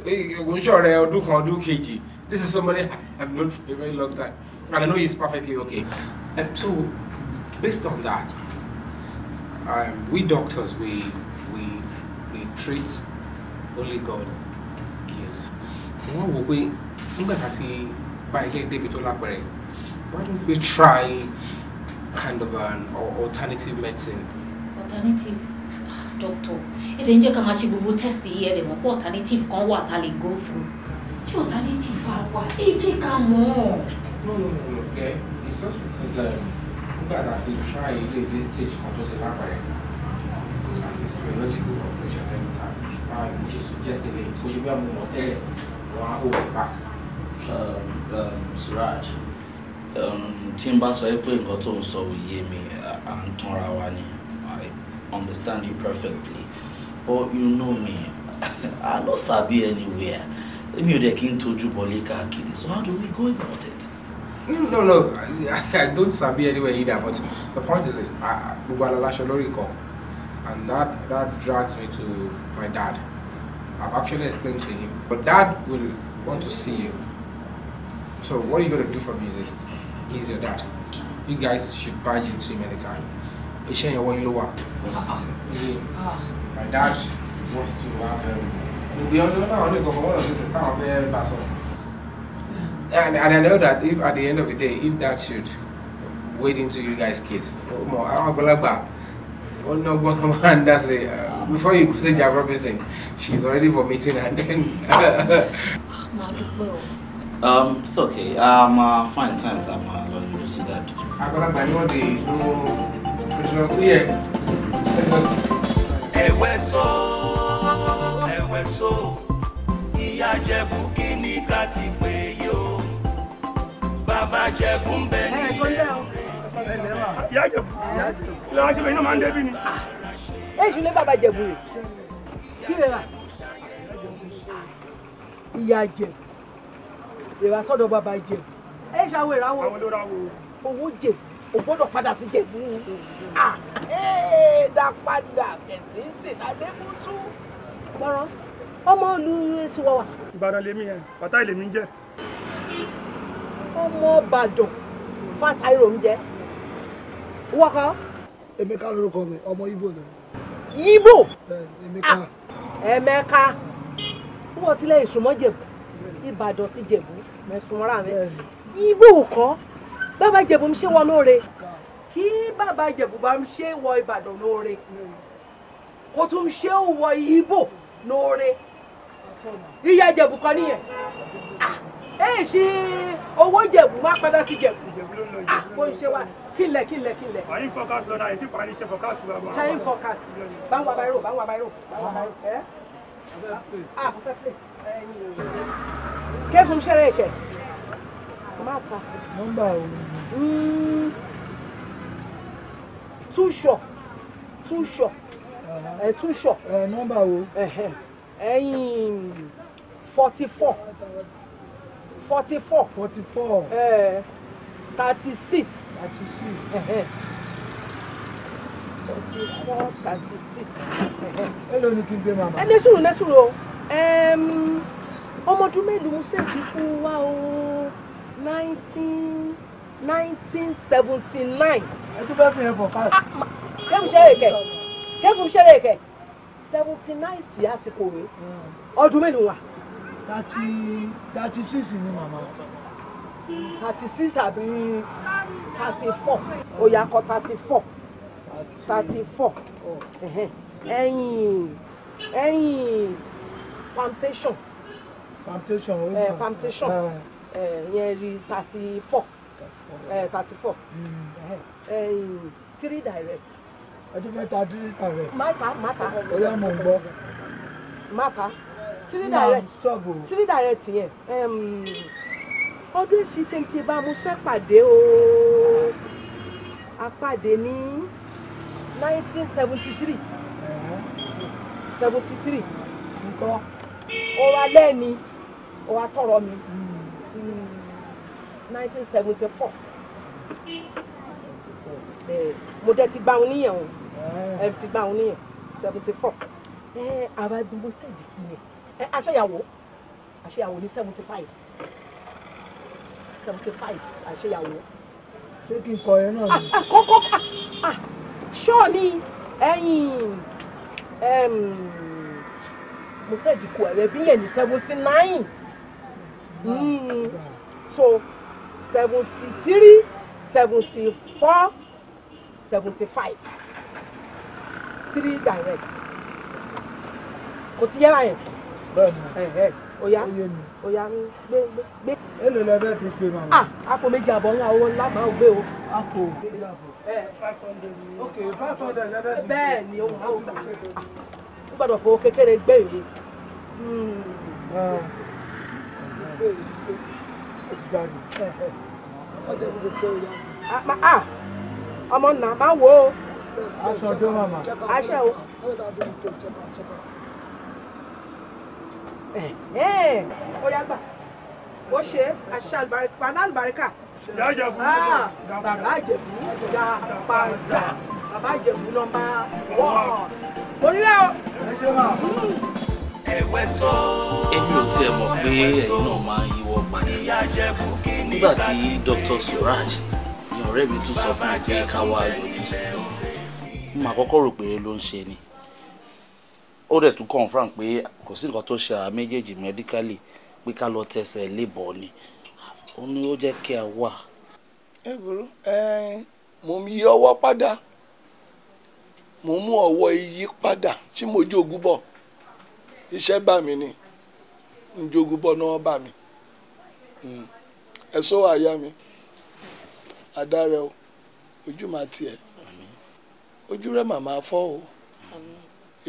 ògùnṣọ́ọ̀rẹ́ ọdún kan ọdún kejì this is somebody I have known for a very long time and I know he is perfectly okay. Um, so based on that um, we doctors we traits only God is. wọ́n wò pé nígbà tá a ti bá ilé débi tó lápẹ̀rẹ̀ why don't we try kind of an alternative medicine. alternative ah, doctor ẹ lè ń jẹ́ ká máa ṣe gbogbo test yìí ẹ lè mọ̀ pé alternative kan wà tá a lè go through tí alternative bá wà ẹ jẹ́ ká mọ̀ no no no no Okay, it's just because um, nígbà tá a ti try ilé dé stage kan tó ṣe lápẹ̀rẹ̀ as a logical mo ṣe suggest ebe kò ṣe bí àwọn ọmọ tẹ́lẹ̀ wọn á hold back. Um, um, Suraj um, tí n bá sọ pé nǹkan tó ń sọ ò yé mi à ń tanra wa ni I understand you perfectly but you know me I no sabi anywhere èmi ò dẹ̀ kí n tójú bọ̀lé káàkiri so how do we go about it. no no I, I don't sabi anywhere either but the point is, is gbogbo alalaṣọ lórí kan. and that that drags me to my dad. I've actually explained to him, but dad will want to see you. So what you going to do for me is he's your dad. You guys should barge into him anytime. Ishe your one lower. My dad wants to have. Um, and, and I know that if at the end of the day, if that should wait into you guys' kids, oh, Onogbon Amanda say, uh, before you say Jack Robinson, she's already vomiting and then. [laughs] um, it's okay. Um, uh, fine times. I'm uh, learning to see that. I'm gonna buy you the new original clear. Let so, ẹ̀wẹ̀ so, ìyá Jẹ̀bú kí ni ká ti pè ìyá ìjẹ̀bù ìyá ìjẹ̀bù iná máa ń débi ni. èṣù lé bàbá ìjẹ̀bù rè kí lè rà ìyá ìjẹ̀bù rèwà sọ́dọ̀ bàbá ìjẹ̀bù èṣù àwọn èrò àwọn owó jẹ o gbọ́dọ̀ padà sí jẹ̀bù dá padà bẹ̀sí ń tì lálẹ́ mútú. gbọ́rọ̀ ọmọ olú èso wa wà. ìbàdàn lèmi yẹn bàtà lèmi ń jẹ. ọmọ ìbàdàn fàtà ìròmí jẹ wọ́kọ́. Emeka lórúkọ mi ọmọ Ibo ni. Ibo. Emeka. Ah, Emeka wọ́n ti lẹ́yìn sùnmọ́ Jẹ̀bú Ìbàdàn sí Jẹ̀bú mẹ́sùnmọ́ra mi. Ibo kọ́ bàbá Jẹ̀bú ń ṣe wọn lóore kí bàbá Jẹ̀bú bá ń ṣe wọ Ìbàdàn lóore kó tún ṣe wọ Ibo lóore ìyá Jẹ̀bú kan nìyẹn èyí ah, ṣe owó Jẹ̀bú má padà sí Jẹ̀bú àpò ìṣe wa kílẹ̀ kílẹ̀ kílẹ̀. ṣẹ́yìn fọ́kàsì lọ́dà yìí tí parí ṣe fọ́kàsì bàbá. ṣẹ́yìn fọ́kàsì báwọn abáyọ̀ báwọn abáyọ̀ báwọn abáyọ̀ ẹ́ ah mo fẹ́ pè kéfù ṣẹlẹ̀ kẹ̀ máta. nọ́mbà o. túṣọ̀ túṣọ̀ ẹ̀ túṣọ̀. ẹ̀ nọ́mbà o. ẹ̀yìn forty four forty four. forty four. Eh, thirty six thirty two thirty four thirty six. Hello, ló ní kí n gbé màmá. ẹ ní o ọmọ ọdún mélòó ṣèkí fún wa o nineteen nineteen seventy nine. ẹ tún bẹ́ẹ̀ fi ẹ bọ̀ káàdì. kẹ́mi ṣẹ́rẹ̀ kẹ́ kẹ́mi ṣẹ́rẹ̀ kẹ́ seventy nine sí àsìkò rẹ̀ ọdún mélòó wa. thirty thirty six ni màmá thirty six àbí thirty four oyà kọ thirty four thirty four ẹ̀yìn ẹ̀yìn palmtation palmtation palmtation ah. yẹn rí thirty four thirty four hmm, ẹ̀yìn three direct ẹtí fẹ́ ta three direct. máta máta. oyè mò ń gbọ́. máta three direct three direct yẹn ọdún sí tẹ̀sí bá mo ṣàpàdé o àpàdé ní nineteen seventy three seventy three nǹkan ọ̀rọ̀ alẹ́ ni ọ̀rọ̀ atọ́rọ̀ mi hmm. nineteen seventy four mo dẹ̀ ti gba òun níyẹn o ẹ ti gba òun níyẹn seventy four ẹ àwa gbogbo sẹ́ẹ̀dì yẹn ẹ aṣọ́yàwó aṣọ́yàwó ní seventy five seventy five àṣeyàwó. ṣé kí n kọ ẹ náà ni. àkọ́kọ́ ah, ah, ah, ṣọ́ọ̀ ni ẹ̀yìn mo sẹ́ẹ̀dì kù ẹ̀rẹ́ bí yẹn ní seventy nine hmm, so seventy three seventy four seventy five three direct kò ti yára yẹn. bẹ́ẹ̀ ni ọ̀yá ọ̀yá gbé gbé gbé. èlò lẹ bẹ fi pe màmá. àpò méjì àbọ̀ ńlá owó ńlá máa gbé o. àpò ẹ five hundred ok five hundred lẹ bẹ fi. bẹ́ẹ̀ ni ohun àwọn gbà ó gbọ́dọ̀ fowó kékeré gbé ìwé. Hmm. ọmọ nà máa wò ó. aṣọ ọdún màmá. aṣọ o. Eh, eh. ó yá gbà ó ṣe àṣà paná àlùbáríkà ah, bàbá àjẹ̀bú ya padà bàbá àjẹ̀bú nọ́mbà wọ́n orílẹ̀ o. ẹ̀wẹ̀ sọ. èmi ò tiẹ̀ mọ̀ pé ẹ̀yin náà máa ń yíwọ́ padà nígbà tí Dr. Suraj ni ọ̀rẹ́ mi tún sọ fún mi pé ká wá sí i mo àkọ́kọ́ rò pé ló ń ṣe ni ó dẹ̀ tún confirm pé kò sí nǹkan tó ṣe àwọn méjèèjì medically pé ká lọ tẹsẹ̀ lébọ̀ ni ó ní ó jẹ́ kí a wà. ẹ burú mo yí ọwọ́ padà mo mú ọwọ́ iyì padà tí mo jogún bọ̀ iṣẹ́ bá mi ni n jogún bọ̀ náà bá hmm. mi ẹ àyà mi adarẹ o ojú máa tiẹ̀ ojú rẹ màmá fọ́ o.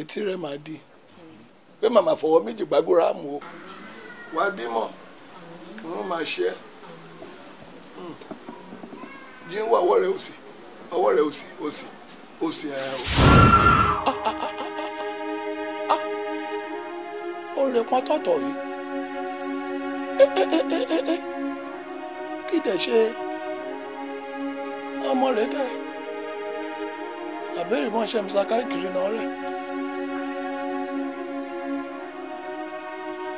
etí rẹ̀ máa di pé màmá fọwọ́ méjì gbàgbóra mú o wá bímọ n ó máa ṣe é hmm. jí ń wá ọwọ́ rẹ̀ òsì ọwọ́ rẹ̀ òsì òsì òsì ẹ̀ o. oore kan tọ̀tọ̀ yìí kí dẹ̀ ṣe ọmọ rẹ̀ kẹ́ àbẹ́rẹ́ mọ́ ṣe ń sa káàkiri náà rẹ̀.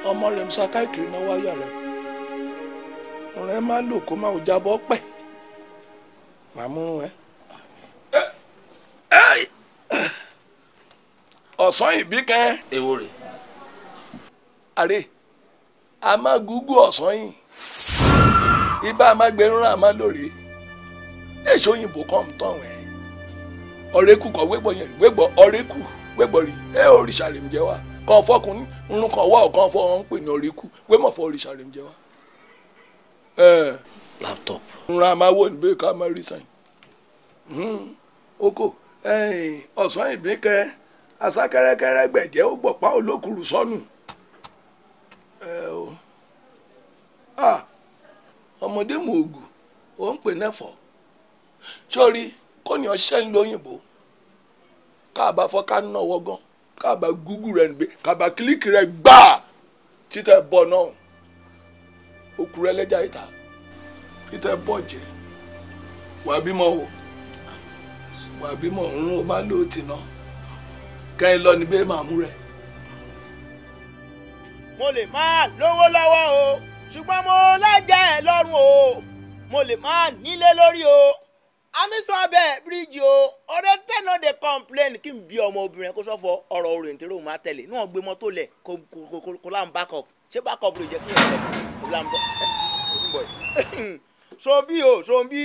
ọmọ rẹ̀ ń saká ìkiri náà wáyà rẹ̀ ọ̀rẹ́ má lò kó má ò jábọ́ pẹ̀ màmú ẹ. ọ̀sán ìbí kan. èwo rè. àrè a máa gúgú ọ̀sán yìí ibà máa gbẹrún rà má lórí èso òyìnbó kàn ń tàn wẹ̀ ọ̀rẹ́kù kọ̀ wégbọ̀ yẹn wégbọ̀ ọ̀rẹ́kù wégbọ̀ rí ẹ òrìṣà rèmjẹ́ wa kan fọkùnrin irun kan wá ọ̀kan fọ ọ̀hún pè ní ọ̀ríkù wé mọ̀ fọ òrìṣà rẹ̀ ń jẹ wá. laptop. nra máa wò níbẹ̀ ká máa rí sàn. Hmm. oko ọ̀sán ìbíkẹ́ asákẹ́rẹ́kẹ́rẹ́ gbẹ̀jẹ́ ó gbọ̀pá olókùrù sọnù. ọmọdé mu oògùn ó ń pè nẹ́fọ̀ sórí kò ní ọṣẹ́ ń lo òyìnbó káàbá fọ́ ká ń náwó gan Kaba google rẹ nìgbé kábà kílíkì rẹ gbáà títẹ̀ bọ̀ náà okùnrin ẹlẹ́jà ìta títẹ̀ bọ̀ jẹ́ wàá bímọ o wàá bímọ òun ó máa lò tì náà kẹ́yìn lọ ní bẹ́ẹ̀ máa mú rẹ. mo lè máa lówó lọ́wọ́ o ṣùgbọ́n mo lẹ́jẹ̀ẹ́ lọ́rùn o mo lè máa nílé lórí o àmísọ ọbẹ bíríìjì o ọ̀rẹ́ tẹnà dey complain kí n bí ọmọ obìnrin kó sọfọ ọ̀rọ̀ orò ìtẹrẹ òun máa tẹ̀lé náà gbé mọ́tò lẹ kó kó kó kó láǹ backup ṣé backup lè jẹ kí n bọ kó láǹ bọ sọmbí o sọmbí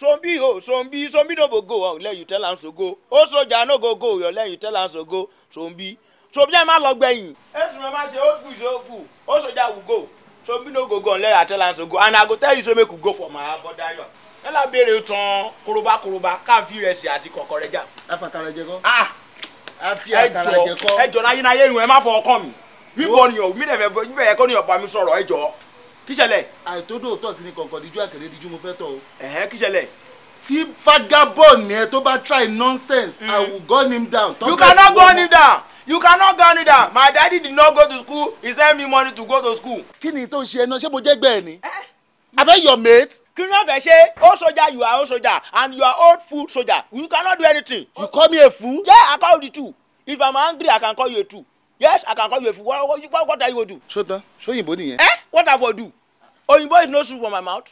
sọmbí o sọmbí sọmbí dòbò go ọ lẹ́yìn tẹ́lá ń sogo ó sọjà náà go go ọ lẹ́yìn tẹ́lá ń sogo sọmbí sọmbí ẹ má lọ gbẹ̀yìn. èsì mi máa ṣe ó fù ìṣó fù ó sọjà wù go sọmbí no go go ọ lẹ́yìn tẹ́lá ń sogo and i go tell you say make you go for my abodayo yálà béèrè tán koroba koroba káàfin rẹ̀ sí àti kọ̀ọ̀kan rẹ̀ jà. afatara jẹ kọ. afi ah! atara jẹ kọ. ẹ jọ náà yín ayé nu ẹ má fọ ọkàn mi mi bọ nìyàn mi dẹ̀ fẹ́ mi bẹ̀ yẹ kọ́ nìyàn pa mi sọ̀rọ̀ ẹ jọ kíṣẹlẹ̀. àìtódò tọ̀ sí ni kọ̀ọ̀kan díjú àkèrè díjú mo fẹ́ tọ̀ o. ẹ̀hẹ́ kíṣẹlẹ̀ tí vagabond yẹn tó bá try nonsense mm. i will gun him down. you cannot gun him down you cannot gun him down my daddy did not go to school he send me money to go to school. kí ni tó ń ṣe ẹnu ṣé mo jẹ́ gbẹ̀ẹ́ ni. Eh? abeg your mate. kirinan fẹ ṣe old soldier you are old soldier and you are old fool soldier you cannot do anything. you call me a fool. yeah i call you too. two if i'm angry i can call you a two yes i can call you a fool what what, what are you go do. sotan soyinbo nìyẹn. eh what i for do oyinbo is no soup for my mouth.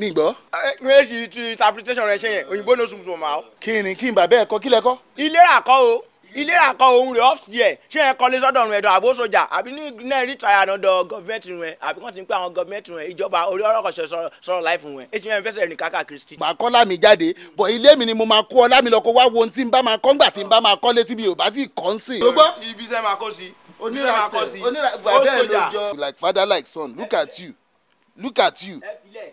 ní ìgbọ́. ẹ ẹ ti interpretation rẹ ṣe yẹn oyinbo no soup for my mouth. kí ni kí n bàbá ẹ kọ kí lẹ kọ. ìlera kọ o ilé àkọ ohun rẹ̀ ọ́fì ẹ̀ ṣé ẹ kọ́lé sọ́dọ̀ ọ̀run ẹ̀dọ̀ àbó àbí ní náà rí tàyà lọ́dọ̀ gọ́ọ̀mẹ́ntì rẹ̀ àbí kàn ti ń pẹ́ àwọn gọ́ọ̀mẹ́ntì rẹ̀ ìjọba orí ọ̀rọ̀ kan sọ̀rọ̀ láì fún èsì mẹ́rin fẹsẹ̀ rìn káàkiri kristi. gbà kọ́ lámì jáde bọ̀ ilé mi ni mo máa kó ọ lámì lọ wá wo ohun tí n bá máa kọ́ n like father like son look at you look at you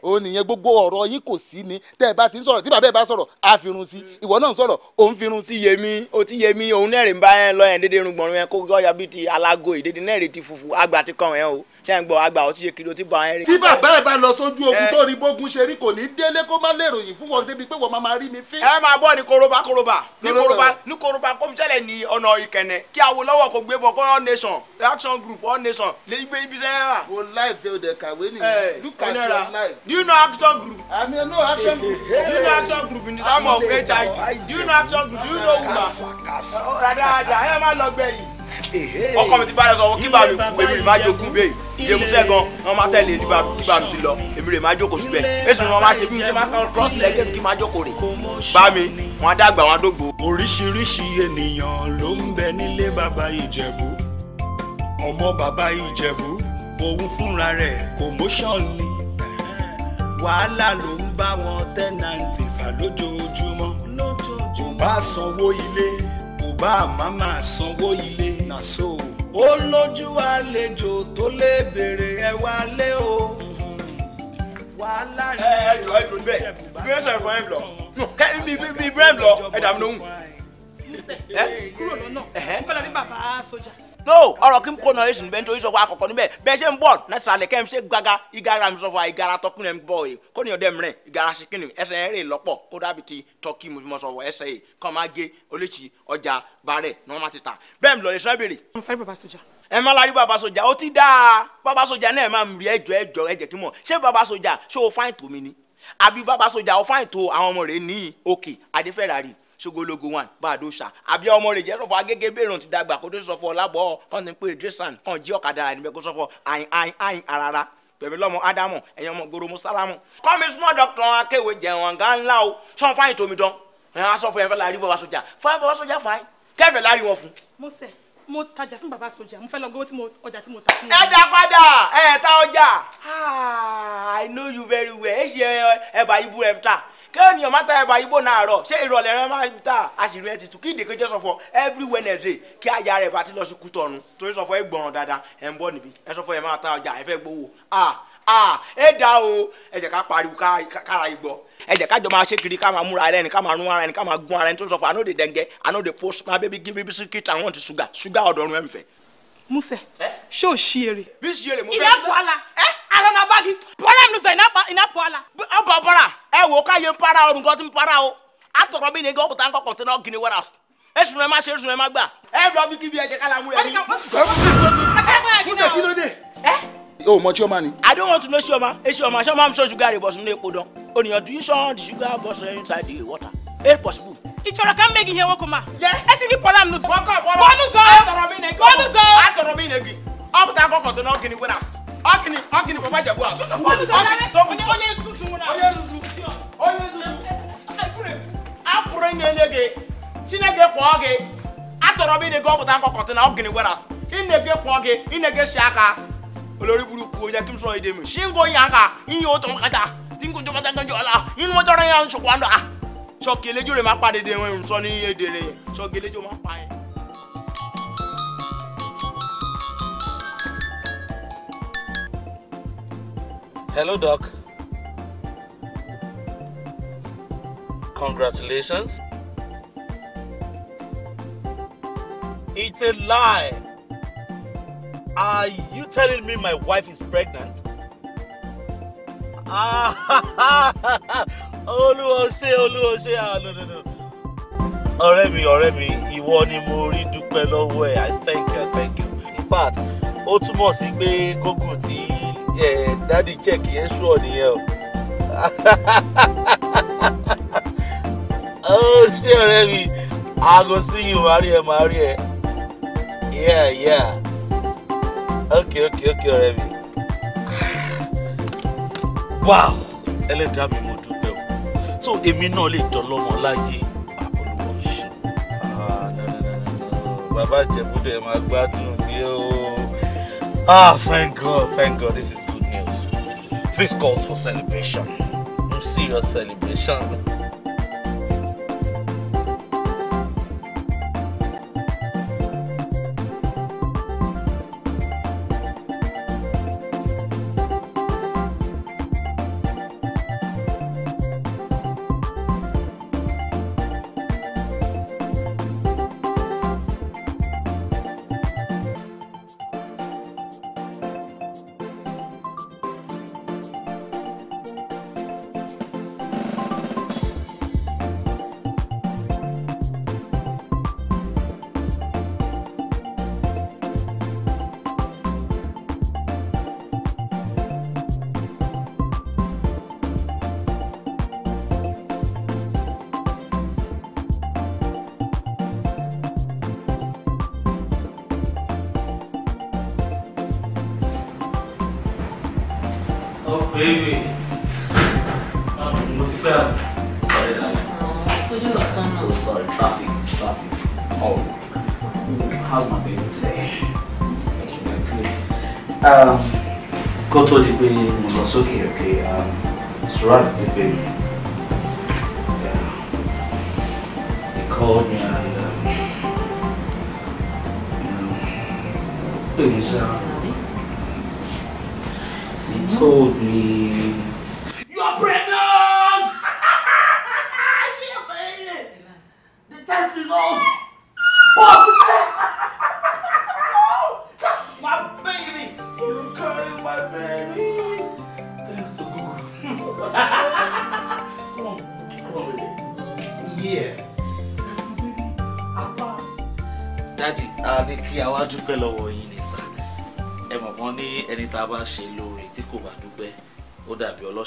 o nìyẹn gbogbo ọ̀rọ̀ yín kò sí ni tẹ́ ẹ bá ti ń sọ̀rọ̀ tí bàbá ẹ bá sọ̀rọ̀ á firun sí hmm. ìwọ náà sọ̀rọ̀ òun firun sí yẹmi o ti yẹmi òun nẹ́rìn bá yẹn lọ yẹn dédé irun yẹn kó yọ ya ti alágo ìdédé nẹ́rìn ti funfun àgbà ti kàn yẹn o ṣé ń gbọ́ àgbà ọtí ṣe kiri o ti bọ àwọn ẹrin. tí bàbá ẹ bá lọ sójú ogun tó rí bógun ṣe rí kò ní délé kó má léròyìn fún wọn débi pé wọn máa rí mi fín. ẹ máa bọ̀ ní koroba koroba ní koroba ní koroba kó ṣẹlẹ̀ ní ọ̀nà ìkẹ̀nẹ̀ kí Awólọ́wọ̀ kò gbé bọ̀ kó all nation action group all nation lè gbé ibi sẹ́yìn rà. o láìpẹ́ o dẹ̀ kàwé nìyẹn look at your life. do you know action group. àmì ẹ̀ náà action group. do you know action group in the time of hiv do you know action group do you know woman. kàṣàkàṣà. rárá rárá ẹ má lọ gbẹ̀yìn ọkọ mi ti bá rẹ sọ kí bá mi kú èmi rè má jogún bẹ́ẹ̀ ìjẹkúsẹ́ gan wọn máa tẹ̀lé ní kí mi ti lọ èmi rè má jókòó síbẹ̀ èsì wọn máa ṣe bí ṣe máa kàn cross legged kí má jókòó rè bá mi wọn dàgbà wọn dógbò. oríṣiríṣi ènìyàn ló ń bẹ nílé bàbá ìjẹ̀bú ọmọ bàbá ìjẹ̀bú òun fúnra rẹ̀ commotion ni wàhálà ló ń bá wọn tẹ́nàntì fà lójoojúmọ́ kò bá sanwó ilé bá a má máa sanwó ilé náà so. ó lójú àlejò tó lè béèrè ẹ wálé o wàhálà rẹ ẹ ti jẹ bùbá. bí wọ́n sọ̀rọ̀ fún ẹ lọ bí Ibrahim lọ ẹ dààmú lóhùn. kúrò lọ́nà ń fẹ́ràn ní bàbá sójà no ọ̀rọ̀ kí n kó nọrẹsì níbẹ̀ nítorí sọfọ àkọ́kọ́ níbẹ̀ bẹ́ẹ̀ ṣe ń bọ̀ nẹsàlẹ kẹ ń ṣe gbàgà igara mi sọfọ igara tọkùn ẹ ń bọ yìí kó ní ọdẹ mìíràn igara sikini ẹsẹ ẹ rè lọ́pọ̀ kó dàbí ti tọkì mo fi mọ sọfọ ẹsẹ yìí kọ máa gé olóòtú ọjà bàárẹ ní wọn máa ti ta bẹ́ẹ̀ mi lọ lè sábẹrẹ. mo fẹ́ bàbá sójà. ẹ má la rí bàbá sójà ó ti dáa bàbá sójà náà ẹ máa rí ẹjọ ẹjọ ẹjẹ kí mọ ṣé bàbá sójà ṣé o fáìn tòmí ni àbí bàbá sójà o fáìn tó àwọn ọmọ rẹ ní òkè adéfẹ́rari ṣogologo one bàdóṣà àbí ọmọ rẹ̀ jẹ́ sọ̀fọ̀ agége bẹ́ẹ̀rùn ti dàgbà kó tó sọ̀fọ̀ lábọ̀ kàn ti ń pè dresan kàn jí ọ̀kadà rà níbẹ̀ kó sọ̀fọ̀ àìn àìn àìn àràrà pẹ̀lú lọ́mọ ádámù ẹ̀yìn ọmọ goromu sálámù kọ́mi small doctor akéwé jẹ̀wọ̀n gan ńlá o sọ̀n fáyìn tómi dán ẹ̀ á sọ fún ẹ̀ fẹ́ láàrin bàbá sójà fáyìn bàbá sójà fáyìn kẹ́fẹ́ láàrin wọn fún. mo sẹ mo tajà fún bàbá sójà mo fẹ́ lọ gbé ọjà tí mo tà fún. ẹ dá padà ẹ ta ọjà ah, i know you very well ẹ ṣe ẹ bá ibú ẹ ta kéèyàn má ta ẹ̀bà igbó náà rọ̀ ṣé ìrọ̀lẹ́ rẹ máa ń ta àṣírí ẹ ti tù kí ìdèkejì sọ fọ every Wednesday kí aya rẹ bá ti lọ sí Kútọ̀nù torí sọ fọ ẹ gbọ̀ràn dáadáa ẹ ń bọ̀ níbí ẹ sọ fọ ẹ máa ta ọjà ẹ fẹ́ gbowó ah ah ẹ dá o ẹ jẹ́ ká pariwo kára igbó ẹ jẹ́ ká jọ máa ṣe kiri ká máa múra ẹni ká máa rún ara ẹni ká máa gún ara ẹni tó sọ fọ àná òde dẹngẹ àná òde post máa bẹbí gí bíbí síkírìtì àwọn ti ṣúgà ṣúgà ọ̀dọ̀run ẹ̀ ń fẹ́. Musa ṣé o ṣí eré. bí ṣí eré mo fẹ́. ilé ẹ̀kọ́ ala ara na báàgì bọ́lá mi sọ iná pọ̀ ala. ọba bọ́ra ẹ wò ká yé para ọrùn kan ti ń para o àtọ̀rọ̀ mi nìkan òkúta ńkọ̀ kọ̀tẹ́nà gíní wẹ́rà èsù rẹ̀ má ṣe èsù rẹ̀ má gbà. ẹ lọ bí kíbi ẹ̀jẹ̀ kálá mú rẹ̀ rí. ọ̀sẹ̀ kí ló dé. o mọ chioma ni. I don't want to know chioma e chioma chioma am so sugar dey burst nínú epo dán oniyan do you saw the sugar burst inside the water e possible. ìṣòro kan méjì yẹn wọ́kọ̀ ma. ẹ sì ní pọ́lá mi ló sọ. wọ́n kọ̀ bọ́lá àtọ̀rọ̀ mi nìkan. bọ́ọ̀lù sọ. àtọ̀rọ̀ mi nìkan. ọ̀pọ̀ta kọ̀kọ̀ tó náà gini wẹ́rà ọkìnì ọkìnì bàbá jẹ̀bú à. sọ̀rọ̀ ọ̀yẹ́ ọ̀yẹ́ zuzu ọ̀yẹ́ zuzu ọ̀yẹ́ zuzu. apụrụ nye nye gị chineke kpọọ gị atọrọ bụ ịnege ọpụta nkọkọta na ọgịnị gwara ịnege kpọọ gị ịnege si aka olórí burúkú oye kí n sọ èdè mi ṣíngó yàn ká yín yóò tán kájà tí n kò jọba tá n jọ ọ̀la yín wọ́n jọra yàn ṣùgbọ́n àdá ṣọ́ọ̀kì eléjò rẹ̀ máa pa dédé wọn sọ ní èdè rẹ̀ ṣọ́ọ̀kì eléjò máa pa yẹn. Hello, Doc. Congratulations. It's a lie. Are you telling me my wife is pregnant? Ah, [laughs] Olúọṣé, Olúọṣé, ah, no, no, no. Ọ̀rẹ́ mi, ọ̀rẹ́ mi, ìwọ ni mo rí dúpẹ́ lọ́wọ́ ẹ̀. I thank you, I thank you. In fact, ó túmọ̀ sí pé Google ti Daddy check yẹn sùọ́ nìyẹn o [laughs] oh, ṣé ọ̀rẹ́ mi I go see you màá rí ẹ màá rí ẹ yeah yeah okay okay okay ọ̀rẹ́ mi wow ẹlẹ́dàá mi mo dúpẹ́ o so èmi náà lè dọ́lọ́mọ láyé àpòlọpọ̀ ṣe. Ah, bàbá ìjẹ̀bú dẹ̀ máa gbádùn mi o ah thank God thank God this is news. This calls for celebration. Serious celebration. Baby. Ah, mo ti pẹ́ àbí. Sorry I'm so sorry. Traffic, traffic. Oh, how's my baby today? Um, kó tó di pé mo Okay. sókè um, òkè Suraj ti pè mí. He called me and um, you know, Uh, told me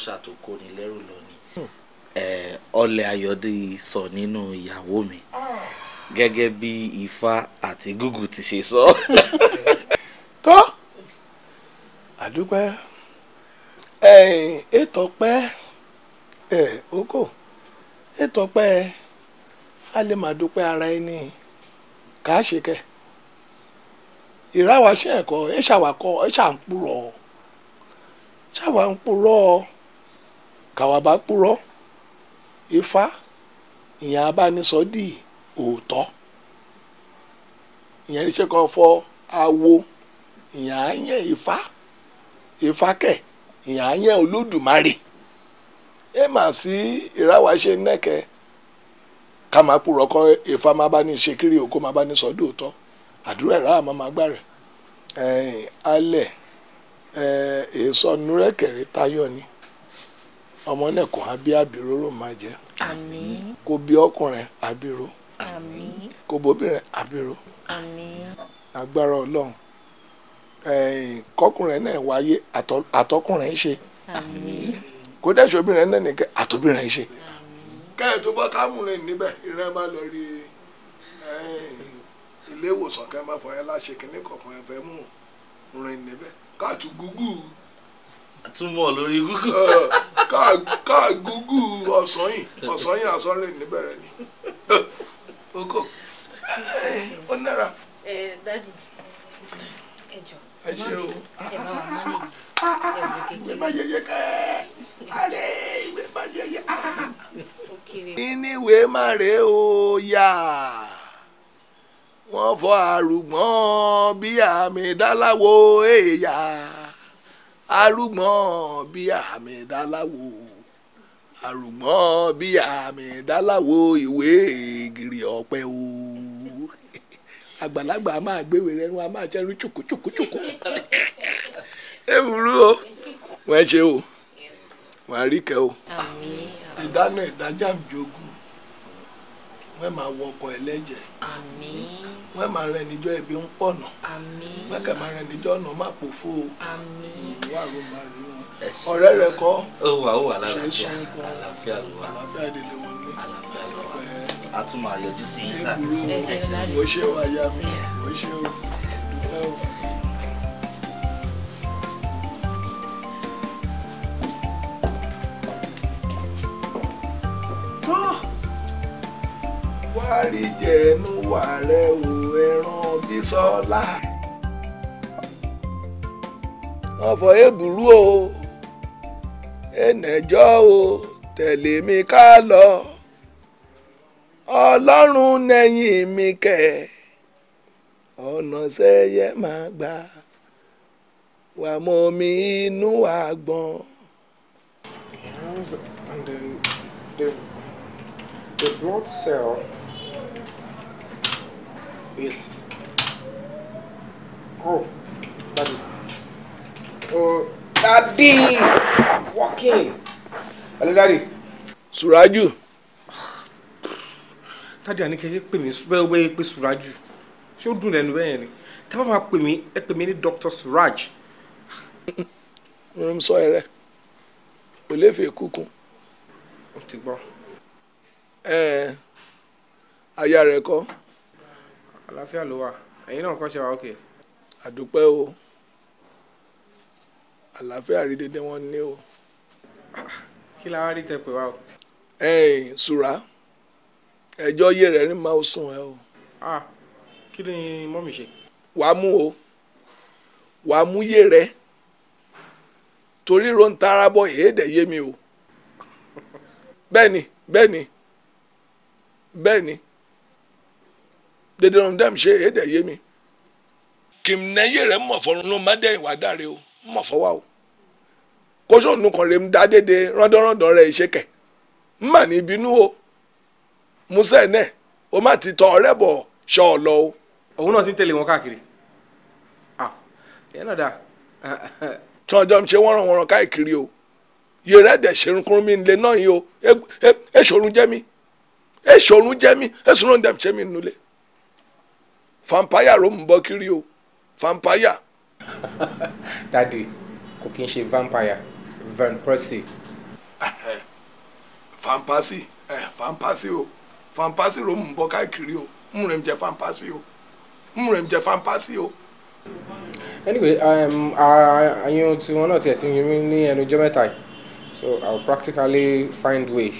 ọlọ́ṣà tó lẹ́rù lọ ni ọlẹ sọ nínú ìyàwó mi gẹ́gẹ́ bí ifá àti gúgù ti ṣe sọ. tó àdúpẹ́ ètò pẹ́ oko ètò pẹ́ a lè dúpẹ́ ara ẹni kà á ṣe kẹ́ ìráwá ẹ̀kọ́ ẹ̀ ṣàwàkọ́ ṣàǹpùrọ̀ ṣàwàǹpùrọ̀ ọ́. káwa bá purọ́ ifá ìyẹn abánisọ di òótọ́ ìyẹn kan fọ awo ìyẹn ifa ifá ifá kẹ̀ ìyẹn àyẹn olódùmarè ẹ mà sí ìráwáṣe nẹ́kẹ́ ká máa purọ́ kọ́ ifá má bá ní ṣe kiri òkú má bá ní sọ dòótọ́ àdúrà gbà èso ni ọmọ náà kò hàn bí àbíró ló máa jẹ kò bí ọkùnrin àbíró kò bóbìnrin àbíró agbára Ọlọ́run kọkùnrin náà wáyé àtọkùnrin ṣe kó dẹ́sọ̀ obìnrin náà nìkan àtobìnrin ṣe kẹ́ẹ̀ tó bá kámúrin níbẹ̀ ìrẹ́ máa lọ rí ilé ìwòsàn kẹ́ẹ̀ máa fọ ẹ láṣẹ kínní kọ̀ọ̀kan ẹ fẹ́ mú rìn níbẹ̀ káàtú gúgú. àtúmọ̀ lórí gúgú. [laughs] ká gúgú ọ̀sán yìí ọ̀sán yìí àsán rè níbẹ̀rẹ̀ ni [laughs] oko ó nára. ẹ dadi ẹ jọ ẹ ṣe o ẹ bá wa manage [laughs] ẹ bá yẹyẹ kẹ níníwé má rèé o yá wọ́n fọ àrùgbọ́n bí àmì dáláwo èèyàn. arúgbọ́n bí àmì dáláwo àrùgbọ́n bí àmì dáláwo ìwé gírí ọ̀pẹ o àgbàlagbà a máa gbéwè rẹ̀ nu a máa jẹ́nu tṣùkútṣùkútṣùkú ewúro o wọ́n ẹ ṣe o wọ́n á rí o ìdáná ìdájà ń jogún máa wọ ọkọ̀ wọ́n máa rẹ̀ níjọ́ ẹbí ń pọ̀nà wọ́n kà máa rẹ̀ níjọ́ ọ̀nà má o ìwà àrò máa rí wọn ọ̀rẹ́ rẹ kọ́ ṣẹ́sùn àlàáfíà délé wọn ní a tún máa yọjú sí yín sáà wọ́n ṣe wà yá mi wọ́n ṣe o dúpẹ́ o. wárí jẹnu wà rẹ o ẹran bísọ́lá. ọ̀fọ̀ èbùrú o ẹnẹjọ́ o tẹ̀lé mi ká lọ ọlọ́run nẹ̀yìn mi kẹ̀ ọ̀nà sẹ́yẹ máa gbà wà mọ́ mi inú àgbọ̀n. And then the, the blood cell Yes. Oh, daddy. Oh, daddy! walking. Hello, daddy. Suraju. Daddy, àní kẹ́kẹ́ pè mí wẹ́wẹ́ pé Suraju. Ṣé ó dùn lẹ́nu bẹ́ẹ̀ ni? Tẹ́ bá máa pè mí, ẹ pè mí ní Suraj. Mo mm, ń sọ ẹ̀rẹ́. Kò lè fè kúkú. Ó ti aya rẹ̀ àlàáfíà ló wà ẹ̀yin náà kọ́ ṣe wà ókè. àdúpẹ́ o àlàáfíà rí dédé wọn ní o. kí la wá rí tẹ pé wá o. ẹ̀ẹ́n sùrà ẹjọ́ yé rẹ̀ ní máa sùn ẹ o. Ah, kí ni mọ́mì ṣe. wàá mú o wàá mú yé rẹ̀ torí rontara bọ èédè yé mi o [laughs] bẹ́ẹ̀ni bẹ́ẹ̀ni bẹ́ẹ̀ni dèdè ọ̀run dẹ́mi ṣe é dẹ̀ yé mi kìmìnẹ́yẹ rẹ̀ mọ̀ fọ́run ló má dẹ̀ ìwà dáre o mọ̀ fọ́wá o kóṣóònù kan rèé dá dédé rọ́ndọ́rọ́ndọ́ rẹ̀ ṣe kẹ̀ mà ní ìbínú o musa ẹ̀ o má ti tọ ọ̀rẹ́ bọ̀ ṣọ ọ lọ o. òun náà ti ń tẹ̀lé wọn káàkiri ìyẹn náà dáa. tí ọjọ́ ń ṣe wọ́nrán wọ́nrán káàkiri o yẹrẹ dẹ̀ ṣerunkun mi nílé náà yìí o èṣòrun jẹ́ mi èṣòrun jẹ́ mi èṣòrun dẹ̀ ṣe mi nílé vampire ló ń bọ kiri o vampire. [laughs] dadi kò kí n ṣe vampire van persie. Eh, van persie eh, van persie o van persie ló ń bọ káàkiri o ń rẹ̀ ń jẹ van persie o ń rẹ̀ ń jẹ van persie o. anyway àyàn um, tiwọn náà tiẹ̀ ti yún mí ní ẹnu ọjọ́ mẹ́ta yìí so i will practically find way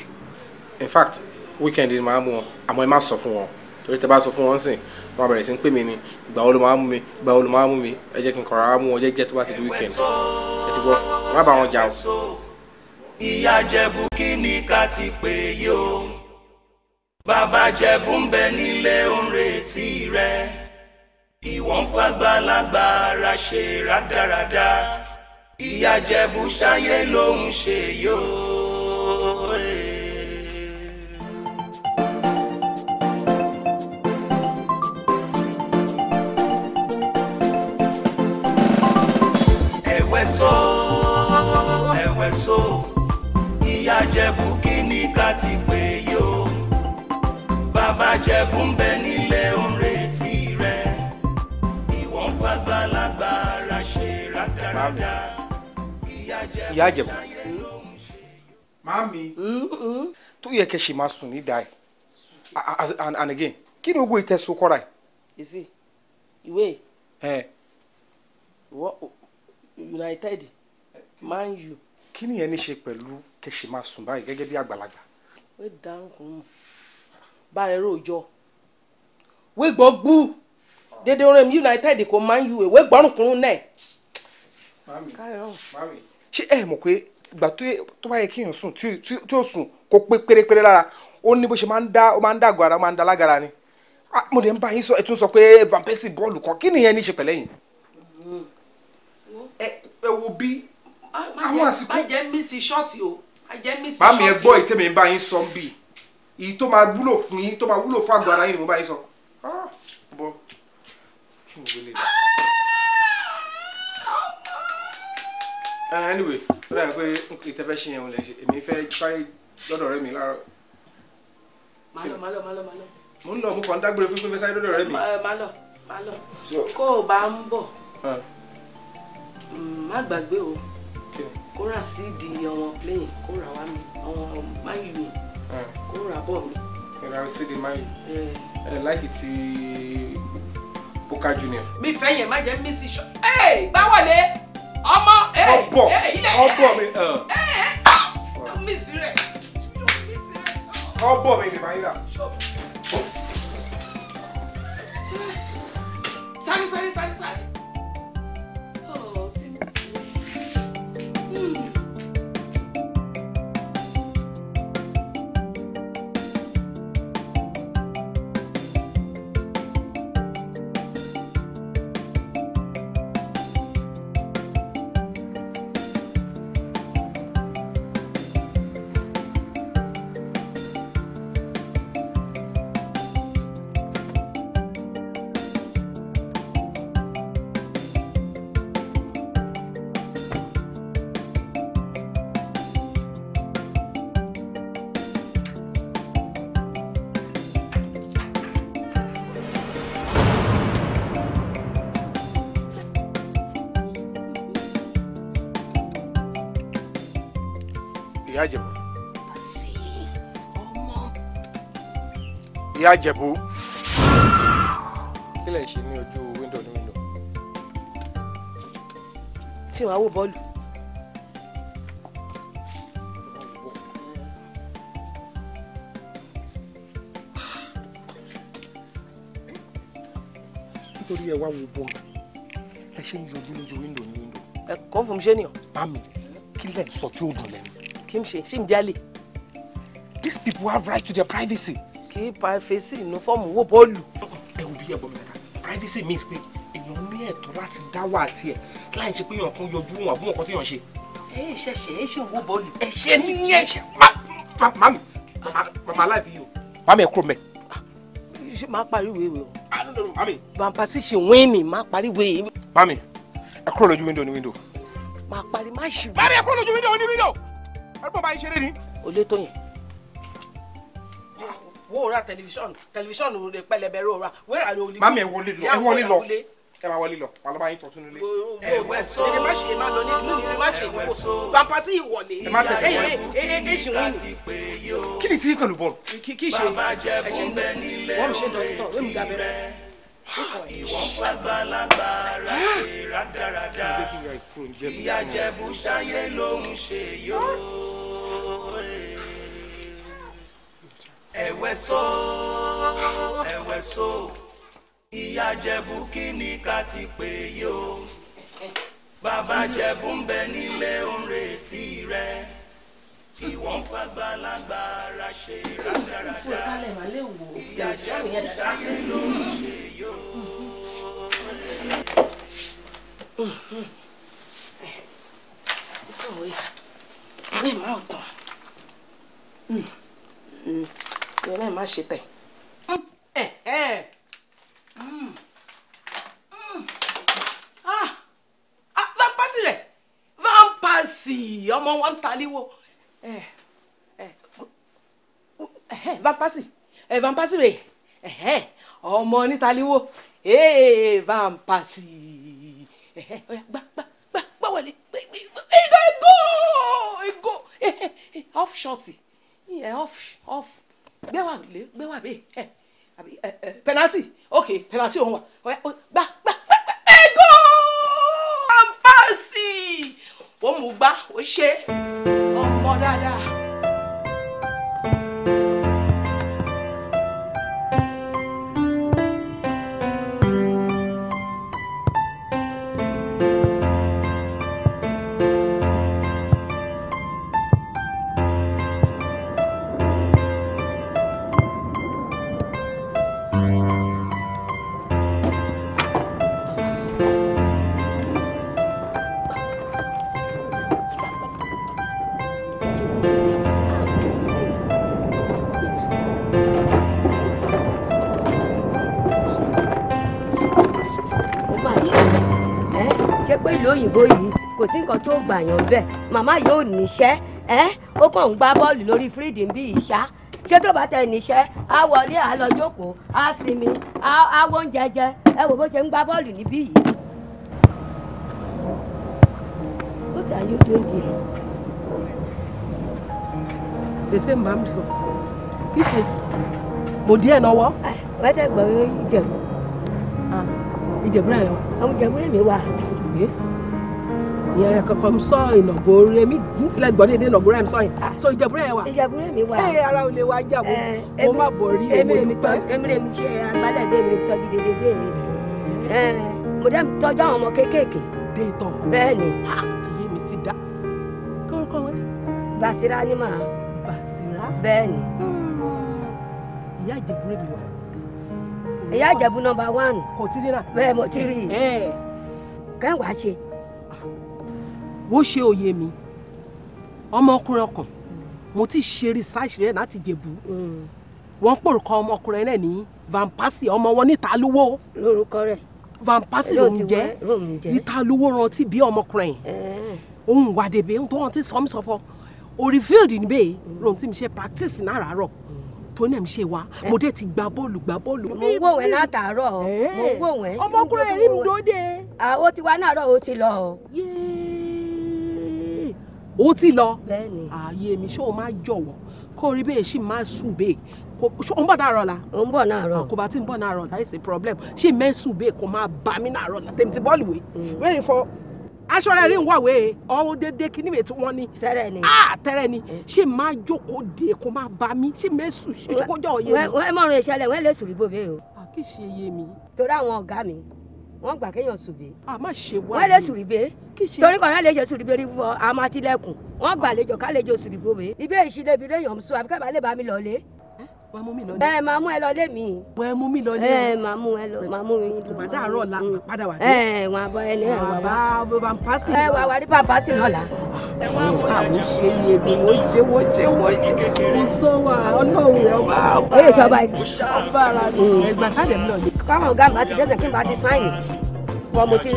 in fact weekend ni màá mú wọn àmọ́ ẹ má sọ fún wọn torí tẹ bá sọ fún wọn sìn wọ́n bẹ̀rẹ̀ sí ń pè mí ni ìgbà wo ló máa mú mi ìgbà wo ló máa mú mi ẹ jẹ́ kí n kọ̀ra mú wọn jẹ́jẹ́ tó bá ti di weekend ẹ ti gbọ́ má bá wọn jà o. ìyá jẹ̀bú kí ni ká ti pè yí bàbá jẹ̀bú ń bẹ nílé òun retí rẹ ìwọ ń fàgbàlagbà ara ṣe rádaràda ìyá jẹ̀bú ṣayé lòun ṣe yóò. láti pè yí o bàbá jẹ̀bùn bẹ nílé òun retí ìwọ̀n fàgbàlagbà ṣe rádaràdà ìyá jẹ̀bùn ṣayẹ ló tó yẹ kẹ́ ṣe máa sùn ní dáì and again kí ni gbogbo ìtẹ̀sùn kọ́ra ẹ̀. èsì ìwé united man u. kí ni ẹ ní ṣe pẹ̀lú kẹ́ ṣe máa sùn báyìí gẹ́gẹ́ bí àgbàlagbà. wee darúkọ mu bára ẹrọ òjọ wee gbọ́ gbú dédé orin mi united kò máa ń yúwe wee gbọ́rùn kúrún náà. ṣe ṣé ẹ mọ̀ pé ìgbà tó bá yẹ kí n sùn tí ó sùn kó pé pérépéré lára ó ní bó ṣe máa ń dàgọ̀ ara máa ń ni mo ń bá yín sọ ẹ tún sọ pé van persie bọ́ọ̀lù kan kí nìyẹn ní í ṣe pẹ̀lẹ́ yìí. Mm-hmm. ẹ wo bí àwọn o. màmí ẹ gbọ́ ìtẹ́mi bá yín sọ bí èyí tó máa wúlò fún yín tó máa wúlò fún àgọ́ ara yín ni mo bá yín sọ. Ah, bọ́ kí ni wọlé dá. Eh, anyway ó dàbí pé ìtẹ́fẹ́ ṣe yẹn ò lè ṣe èmi fẹ́ sáré lọ́dọ̀ rẹ mi láàárọ̀. má lọ má lọ má lọ má lọ. mo ń lọ mo kàn ń dágbére fún pé fẹ́ sáré lọ́dọ̀ rẹ mi. má lọ má lọ kó o bá ń bọ̀ ah. mm, má gbàgbé o kó rà síìdì ọmọ plane kó rà wá mi ọmọ máyì mi ah. kó rà bọ̀ mi. ẹ ra síìdì máyì ẹ láìkì ti Boca Junior. mi fẹ́ yẹn má jẹ́ mísì ṣọ́ ẹ̀ gbáwọlé ọmọ ẹ̀ ẹ̀ ilẹ̀ ọ̀bọ̀ mi ah. mísì rẹ̀ oh. ọ̀bọ̀ mi ni màá yà. sáré sáré sáré sáré. Woo! ìyá àjẹbù kí lẹ̀ ń ṣe ní ojú wíńdò ní wíńdò. tí wàá wò bọ́ọ̀lù. nítorí ẹ wá wo bọ́ọ̀lù ẹ ṣe ń yọjú lójú wíńdò ní wíńdò. ẹ kàn fún mi ṣé nìyàn. bá kí lẹ̀ sọ tí ó dùn lẹ́nu. kí n ṣe ṣé n jálè. these people have right to their privacy kí privacy inú fọ́ọ̀mù wò bọ́ọ̀lù. ẹ wo bí ẹ gbọ́ mi dada privacy means pé èèyàn ní ẹ̀tọ́ láti dá wà tiẹ̀ láì ṣe pé èèyàn kan yọjú wọn àbúrò kan tó yàn ṣe. ẹ ẹ ṣẹṣẹ ẹ ṣe ń wò bọ́ọ̀lù. ẹ ṣe ní ní ẹ ṣe mami mama aláìfi yìí o. mami ẹ kúrò mẹ. ṣé máa parí wèwe o. mami. pampasi ṣe wíìnì máa parí wèwe. mami ẹ kúrò lójú wíńdò ní wíńdò. máa parí má ṣe. mami ẹ kúrò lójú wíńdò ní wíńdò. ẹ wo ra tẹlifíṣọ̀nù tẹlifíṣọ̀nù rẹ pẹlẹbẹ rẹ ra wẹ́rà ló lé. mami ẹ wọlé lọ ẹ wọlé lọ ẹ máa wọlé lọ wàá lọ́ba yín tọ́ sínú ilé. ẹwẹ so ẹ má ṣe ẹ má lọ ní ìlú ẹ ẹ má tẹsí ẹ ẹ ẹ ṣì ń rìn. kí ni tí kò lù bọ́ọ̀lù. kì í ṣe ẹ ṣe ṣe dọ́kítọ̀ wọ́n mi dábẹ́rẹ́. ìwọ fàgbàlagbà rà ah! ṣe rádaràda ìyá jẹ bùsáyé ló ń ṣe yóò. ẹ̀wẹ̀ so ẹ̀wẹ̀ so ìyá jẹ̀bú kí ni ká ti pè yí o bàbá jẹ̀bú ń bẹ nílé ó ń retí rẹ ìwọ̀n fàgbàlagbà ṣe rádaràda ìyá jẹ̀bú ṣáyé ló ń ṣe yí o. mm, mm ìyẹn náà má ṣe tẹ̀. Mm. Mm. Ah. Ah, vampasi rẹ̀ vampasi ọmọ wọn ń taliwo vampasi vampasi rẹ̀ ọmọ nítaliwo vampasi gbàgbà gbàgbà wọlé ego ego ego off shorty off off gbé lé gbé wà ẹ àbí penalty ok penalty òun wà gbá gbá ẹ gò àǹfààsì ó mú gbá ó ṣe ọmọ dáadáa. tó gbàyàn bẹ́ẹ̀ màmá yóò níṣẹ́ ẹ́ ó kàn ń gbá bọọlù lórí fírídìí bí ìṣá ṣé tó bá tẹ níṣẹ́ á wọlé á lọ jókòó á sinmi á wọ oúnjẹ jẹ ẹ wò bó ṣe ń gbá bọọlù níbí yìí. What are you doing there? mbà kí ṣe mo náwó. wọ́n tẹ gbọ́ ah, rẹ̀ yọ. rẹ̀ mi wà. yẹn kankan sọ ìnàgòrò èmi kì í tilẹ̀ gbọ́ dédé ìnàgòrò ẹ̀mí sọyìn ah. so ìjẹ̀bú rẹ̀ wà. ìjẹ̀bú rẹ̀ mi wà. ẹ eh, ara ò lè wá jàbó eh, mo má bọ̀ rí èmi rẹ̀ mi tọ́ èmi rẹ̀ mi ṣe agbálẹ̀ bí èmi rẹ̀ mi tọ́ bí dédé bí èmi. Eh. mo dẹ́ mi tọ́jú àwọn ọmọ kéékèèké. dé ìtàn bẹ́ẹ̀ ni. iye mi ti dá kọ́kọ́ wẹ́. Basira ni màá. Basira. bẹ́ẹ̀ ni. Hmm. ìyá ìjẹ̀bú rẹ̀ mi wà. ìyá ìjẹ̀bú nọ́mbà one. kò tí rí náà. bẹ́ẹ̀ mo ti rí. kẹ́ wàá ṣe bó ṣe òye mi ọmọkùnrin ọkàn hmm. mo ti ṣe research rẹ láti jẹ̀bú hmm. wọ́n pòrúkọ ọmọkùnrin rẹ ní vampasi ọmọ wọn ní ìtàlúwò lórúkọ rẹ vampasi ló ń jẹ ìtàlúwò rántí bí ọmọkùnrin òun wà débè tó rántí sọmísọfọ orí field níbẹ̀ hmm. rántí mi ṣe practice náà rárọ̀ tó náà ń ṣe wa mo dé ti gba bọ́ọ̀lù gba bọ́ọ̀lù. mo ń wò wẹ́ látàárọ̀ mo ń wò wẹ́. ọmọkùnrin yìí ń dóde. àwọn tiwa náà rọ̀ ó ti lọ. yéé ó ti lọ ààyè mi ṣó o máa jọ̀wọ́ kó o rí bẹ́ẹ̀ ṣì máa sùn bẹ́ẹ̀ ṣó o ń bọ̀ náà la. o ń bọ̀ náà rọ. àkóbá tí ń bọ̀ náà rọ láì sí problem ṣé mẹ́sùn bẹ́ẹ̀ kó máa bá mi náà rọ la tèmi ti bọ́ọ̀lù wé mm. wẹ́rẹ́ fọ aṣọ rẹ̀ rí ń wà wé ọ̀hún déédéé kí níbi tí wọ́n ní. tẹ́rẹ̀ ni ah tẹ́rẹ̀ ni mm. ṣé máa jókòó de kó máa bá mi ṣé mẹ́sùn ṣe kó jọ òye mi. wọ́n mọ̀rún ìṣẹ̀lẹ̀ wọ́n lè sùn rí bòbí o. àkìṣe iye mi. torí àwọn ọ̀gá mi wọ́n gbà kéèyàn sùbé. a má ṣe wá yìí wọ́n lè sùrìbé torí kọ́ni àlè ṣe sùrìbé rí fún ọ àmọ́ àtìlẹ́kùn wọ́n gbà àlejò kálejò sùrìbó mi. ibẹ̀ ìṣílẹ̀ ibi lẹ́yìn ọ̀mùsùn àbíkẹ́ bá lè bá mi lọ lé wàá mú mi lọ lé. ẹ máa mú ẹ lọ lé mi. wàá mú mi lọ lé o. ẹ máa mú ẹ lọ máa mú yín lọ. bàdá àárọ̀ la padà wà dé. ẹ wà bọ ẹni ẹ wà wá. bàbá pampasi. ẹ wà wá rí pampasi náà la. àwọn ṣe yẹ bí wọ́n ṣe wọ́n ṣe wọ́n ṣe. mo sọ wa ọlọ́run ẹ wá. ó yẹ sọ báyìí. ọba ara mi mm. ẹgbà sáde mi lọ. káwọn ọ̀gá mi bá ti dẹ́sẹ̀ kí n bá ti sáyìn wọ mo ti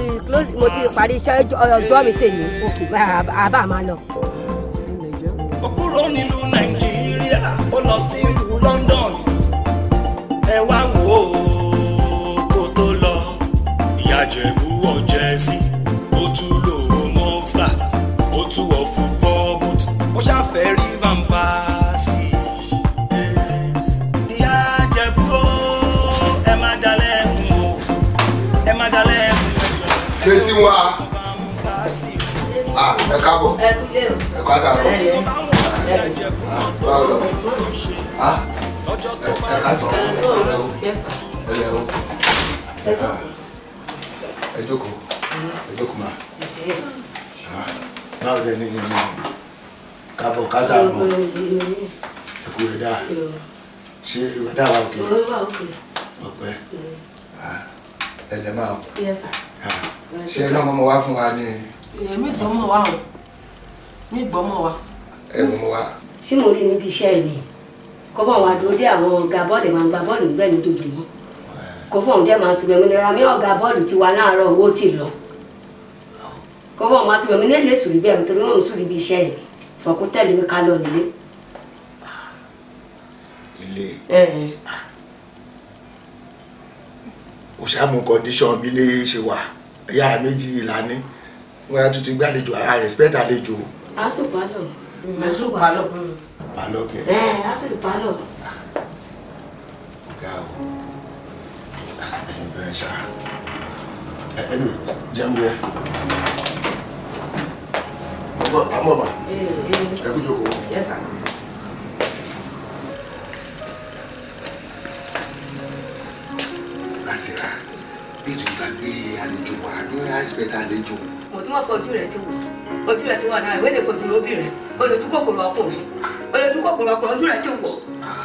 mo ti parí iṣẹ́ ọjọ́ mi tèmi àbá máa lọ. òkúrò nílùú nàìjíríà ó lọ sí ìlú lọ́rùn ẹ wá wò ó kó tó lọ ìyá jẹ̀bú ọ̀jẹ̀ sí ó tún lò ó mọ́ fúlà ó tún wọ̀ football boot ó ṣàfẹ́ rí vampire sí i. Eh, Kesi wa. Ah, ẹ káàbọ̀. Ẹ kú lé o. Ẹ kú àtàrọ̀. Ẹ lè. Ah, báwo lọ? Ah ọjọ́ tó bá rí ẹ jókòó ẹ jókòó máa báwo lẹ ní nínú kábọ̀ kátà mọ́ ẹ̀kú ẹ̀dá ṣé ìwádà wà òkè ọ̀pẹ ẹ̀lẹ́ máa wọ̀ ṣé ẹ náà mọ́ wá fún wa ní. èmi gbọ́mọ̀ wá o mi gbọ́mọ̀ wá. ẹ mọ̀ wá. ṣé mo rí níbi iṣẹ́ yìí ni kó fún àwọn àdúró dé àwọn ọ̀gá bọ́ọ̀lù máa ń gba bọ́ọ̀lù nígbẹ̀ ní dojúmọ́ kó fún òun dé máa sùn mẹ́mí nira mi ọ̀gá bọ́ọ̀lù ti wà láàárọ̀ owó ti lọ kó fún òun máa sùn mẹ́mí nílé sùn níbẹ̀ nítorí wọn ò sùn níbi iṣẹ́ yẹn fọ̀kún tẹ̀lé mi ká lọ nílé. ilé o ṣàmù kọ́ndíṣọ̀n bí lè ṣe wà yàrá méjì ìlànà wọn á tún ti gbàlejò àrẹ̀spẹ̀tì àlejò. àsùpàlọ̀ àsùpàlọ̀ pálọ̀ kẹ. ẹ asùlù pálọ̀. ọ̀gá o ẹ̀yin bẹ̀rẹ̀ ṣá ẹ̀mí jẹ́mu yẹ. ọmọ àmọ́ ma eh, eh. ẹ kú jókòó. Yes sir. àsìrà bí tùgbà gbé àlejò wà ní àìsípẹ̀tà àlejò mo tún wọ́n fojú rẹ̀ ti wò ojú rẹ̀ ti wọ̀ náà ìwé lè fojú lóbìnrin olójú kòkòrò ọkùnrin olójú kòkòrò ọkùnrin ojú rẹ̀ ti wò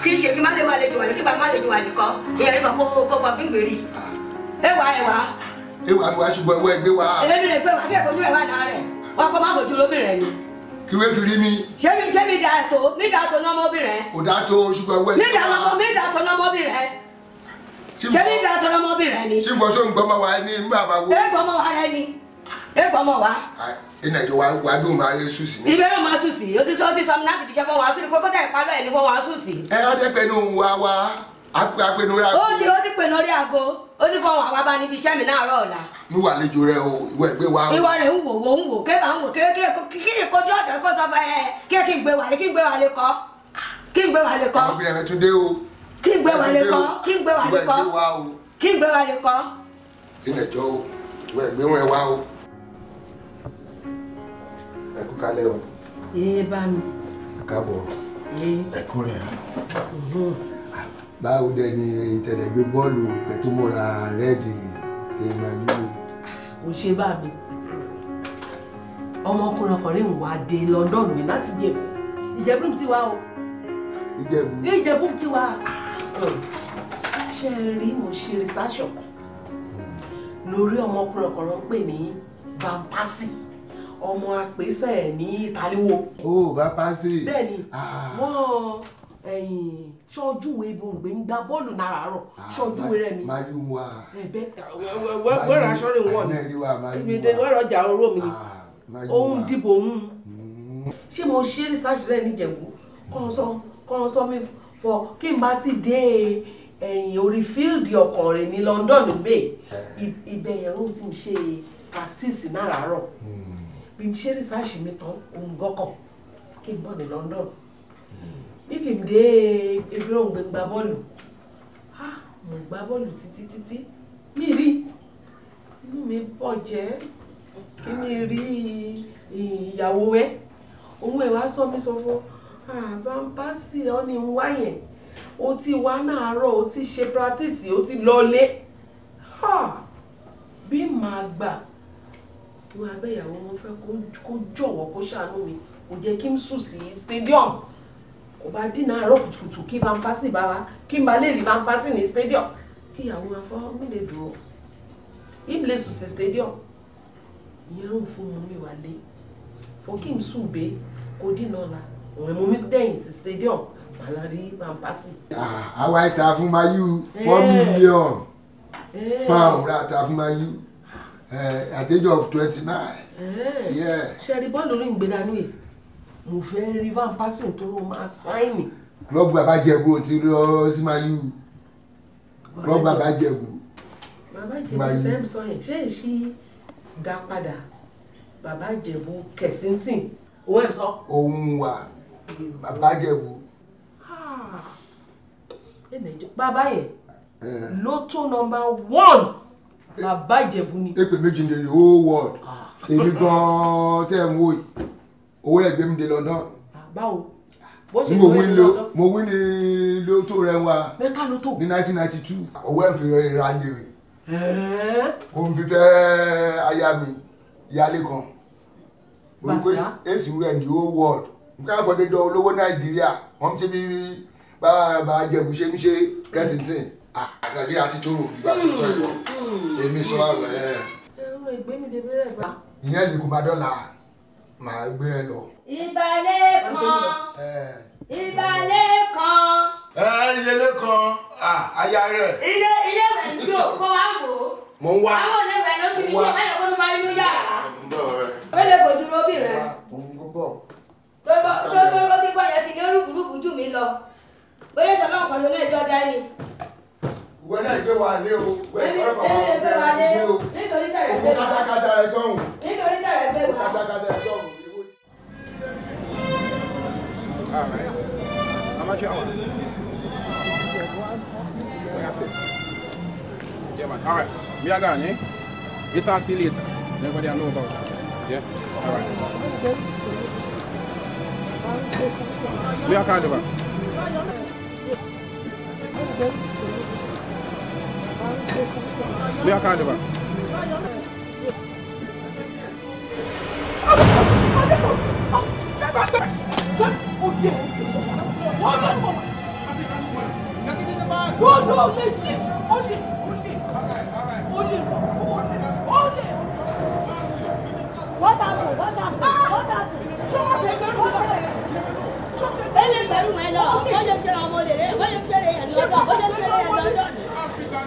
kì ṣe kí má lè má lè jùwà ní kí bá má lè jùwà nìkan ìyẹn ní kò kò fọ gbígbèrè ẹwà ẹwà. ẹwà ni wà ṣùgbọ́n ẹwà ẹgbẹ́ wa. èmi lè gbé wa kí ẹ̀kọ́ ojú wà náà rẹ̀ wọ́n kọ́ má fojú lóbìnrin ni kí wọ́n fi rí mi. ṣé mi ṣé mi dà tó mi dà tó lọ́mọbìnrin. kò dà tó ṣùgbọ́n wẹ́ẹ̀. mi dà lọ́mọ mi dà tó ṣé mi dà tó lọ́mọbìnrin ni. ṣé ìfọṣọ́ ń gbọ́mọ ẹ kọ́ mọ̀ wá. iná ìjọ wa dùn máa yé sùn sí. ibẹ̀ yóò máa sùn sí o ti sọ o ti sọ mi láti fi ṣe fún wa sùn ní kókó tẹ̀ ìpalọ́ ẹ̀ ní fún wa sùn sí. ẹ adẹ́pẹ́nu wa wa apẹnu rẹ aago. ó ti ó ti pè lórí aago ó ti fọwọ́n àwọn abá níbi iṣẹ́ mi láàárọ̀ ọ̀la. mi wà lẹ́jọ́ rẹ o ìwọ ẹgbẹ́ wa. ìwọ rẹ ń wò wò ń wò kébà ń wò kékeré kojú ọ̀dọ́ kó sọ ẹ kí kí n gbé wàlé kí n gbé wàlé kọ́ kí n gbé wàlé kọ́. àwọn obìnrin rẹ tún dé o. kí n gbé wàlé kọ́ kí n gbé wàlé kọ́ kí n gbé wàlé kọ́. ìlẹ̀jọ́ o ìwọ ẹgbẹ́ wọn ẹ o ẹ kú kálẹ̀ o. ee bá mi. ẹ káàbọ̀ ẹ kú rẹ̀ báwo dẹ ni ìtẹ̀lẹ̀ gbé bọ́ọ̀lù pẹ̀tùmọ́ra rẹ́ẹ̀dì ti máa yúlò. kò ṣe bá mi ọmọkùnrin ọkùnrin ń wá dé London mi láti jẹ̀bù ìjẹ̀bù ti wá o. ìjẹ̀bù. ìjẹ̀bù ti wá ṣe rí mo ṣe rìsáṣọ̀ hmm. lórí ọmọkùnrin ọkùnrin ń pè ní Vampasi ọmọ àpèsè ní ìtàléwò. o bàbá sí. bẹ́ẹ̀ni ah. wọn ẹ̀yìn sọjúwe gbòǹgbè ń gba bọ́ọ̀lù nàràárọ̀ sọjúwe ah, rẹ mi. máa yún wa. ẹbẹ ah, wẹrọ aṣọ rẹ wọn ni ibi wẹrọ ọjà oró mi òun dìbò òun hmm. ṣé mo ṣe research rẹ níjẹ̀bú kọ́ńsọ́ kọ́ńsọ́ mi fọ kí n bá ti dé ẹ̀yìn orí fíìlì ọkàn rẹ ní London gbé ibẹ̀ eh. yẹn ló ti ń ṣe practice nàràárọ̀. Mm bí n ṣe rìsáàṣì mi tán òun gọ́kọ̀ kí n bọ̀ ní London bí kì í dé ibi òun gbé gba bọ́ọ̀lù mo gba bọ́ọ̀lù títí títí mi rí inú mi bọ̀ jẹ́ kí mi rí ìyàwó ẹ òun ẹ̀ wá sọ mi sọ fún àbámbásì ọ ni wá yẹn ó ti wá náàárọ̀ ó ti ṣe practice ó ti lọlé bí màá gbà tó máa gbé ìyàwó mo fẹ́ kó jọ̀wọ́ kó ṣàánú mi kò jẹ́ kí n sùn sí stadium kò bá dínà àárọ̀ kùtùkùtù kí bá ń pásì bá wa kí n bá lè rí bá ń pásì ní stadium kí ìyàwó máa fọ́ mí lè dùn ó if lè sùn sí stadium ìyẹn ń fún mu mi wà lé fún kí n sùn bẹ́ẹ̀ kó dínà ọ̀la òun mú mi dẹ̀yìn sí stadium màlá rí bá ń pásì. àwa ìta fún mayu four million eh. Eh. pound ra ta fún mayu. Eh, at the age of twenty nine. Eh, ṣe rí bọ́ọ̀lù orí ìgbéraní yìí mo fẹ́ rí van passing tó ló máa sáìnì. lọ́gbù Baba jẹ̀bù ti lọ sí máa yú lọ́gbù bàbá Baba bàbá jẹ̀bù sẹ́m sọ yẹn ṣé èsì dá padà bàbá jẹ̀bù kẹ̀sìntìn owó ẹ̀ sọ. ohun wa bàbá jẹ̀bù. bàbá yẹn eh. ló tó nọ́mbà one bàbá ìjẹ̀bú ni. èpè méjì ní the whole world ah. èmi gan-an tẹ́ ń wò yìí owó ẹ̀gbẹ́ mi dé London. Ah, báwo bó ṣe lóore ní London. mo wí ní lótó rẹ wa ní nineteen ninety two owó ẹ̀ ń fi ra ń lè rè òun fi fẹ́ aya mi ìyáálé kan orúkọ èsì rẹ̀ ní whole world nǹkan àfọ̀dẹ́dọ̀ olówó Nàìjíríà wọ́n ti bí bá a jẹ̀bù ṣe ń ṣe Kensington àgbàjẹ àti tóró ìgbà tí mo sọ ẹ̀kọ́ hmm. èmi sọ àgbẹ̀ ẹ̀. ẹ̀rù ìgbé mi dèbí rẹ̀ bá. ìyẹn ni kò máa dọ́là màá gbé ẹ lọ. ìbàlẹ̀ kan ìbàlẹ̀ kan. ẹ ìyẹlé kan àyà rẹ. ilé ilé rẹ̀ ń jò kó wá wò ó. mo ń wá àwọn olè rẹ̀ ló ti fi ṣe mẹ́lẹ̀ kó tó máa rí ló yàrá. ó lè fojú lóbì rẹ. tó tó tó tó ti fọyín ti ní orúkúrúkú jù mí lọ bóyá ìṣọ̀lá ọ̀kan ló náà jọ dání ìwé náà gbé wa lé o ìwé ìkọ́lọ́kọ̀ wa gbé wa lé o nítorí tẹ̀rẹ̀ gbé wa kátàkátà rẹ sọ́hùn nítorí tẹ̀rẹ̀ gbé wa kátàkátà rẹ sọ́hùn. All right, we are done, eh? We talk to you later. Everybody I know about that. Yeah? All right. We are kind of bí a kà lè bá. No, no, let's see. Only, only. All right, all right. Only. Only. What happened? What happened?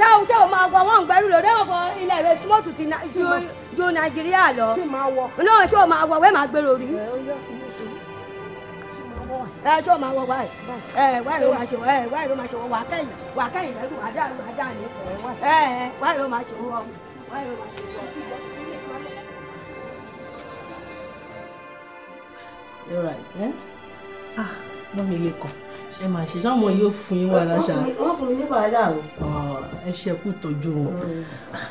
tẹ́ ò tẹ́ ò máa wọ àwọn ìgbẹ́rù lọ lẹ́wọ̀n kan ilẹ̀ ìwé smọ́ọ̀tù ti ju nàìjíríà lọ náà ṣé ò máa wọ wẹ́ẹ̀ máa gbèrò rí ẹ ṣé ò máa wọ wáì ẹ wáì ló máa ṣe ẹ wáì ló máa ṣe wà kẹ́yìn wà kẹ́yìn lẹ́nu àdá àdá ni ẹ wáì ló máa ṣe wọ wáì ló máa ṣe wọ. You're right, eh? Ah, no lè kàn ẹ máa ṣe sáwọn ọmọ yóò fún yín wàhálà ṣá wọ́n fún mi ní wàhálà o. ẹ ṣe kú tọ́jú wọn mm.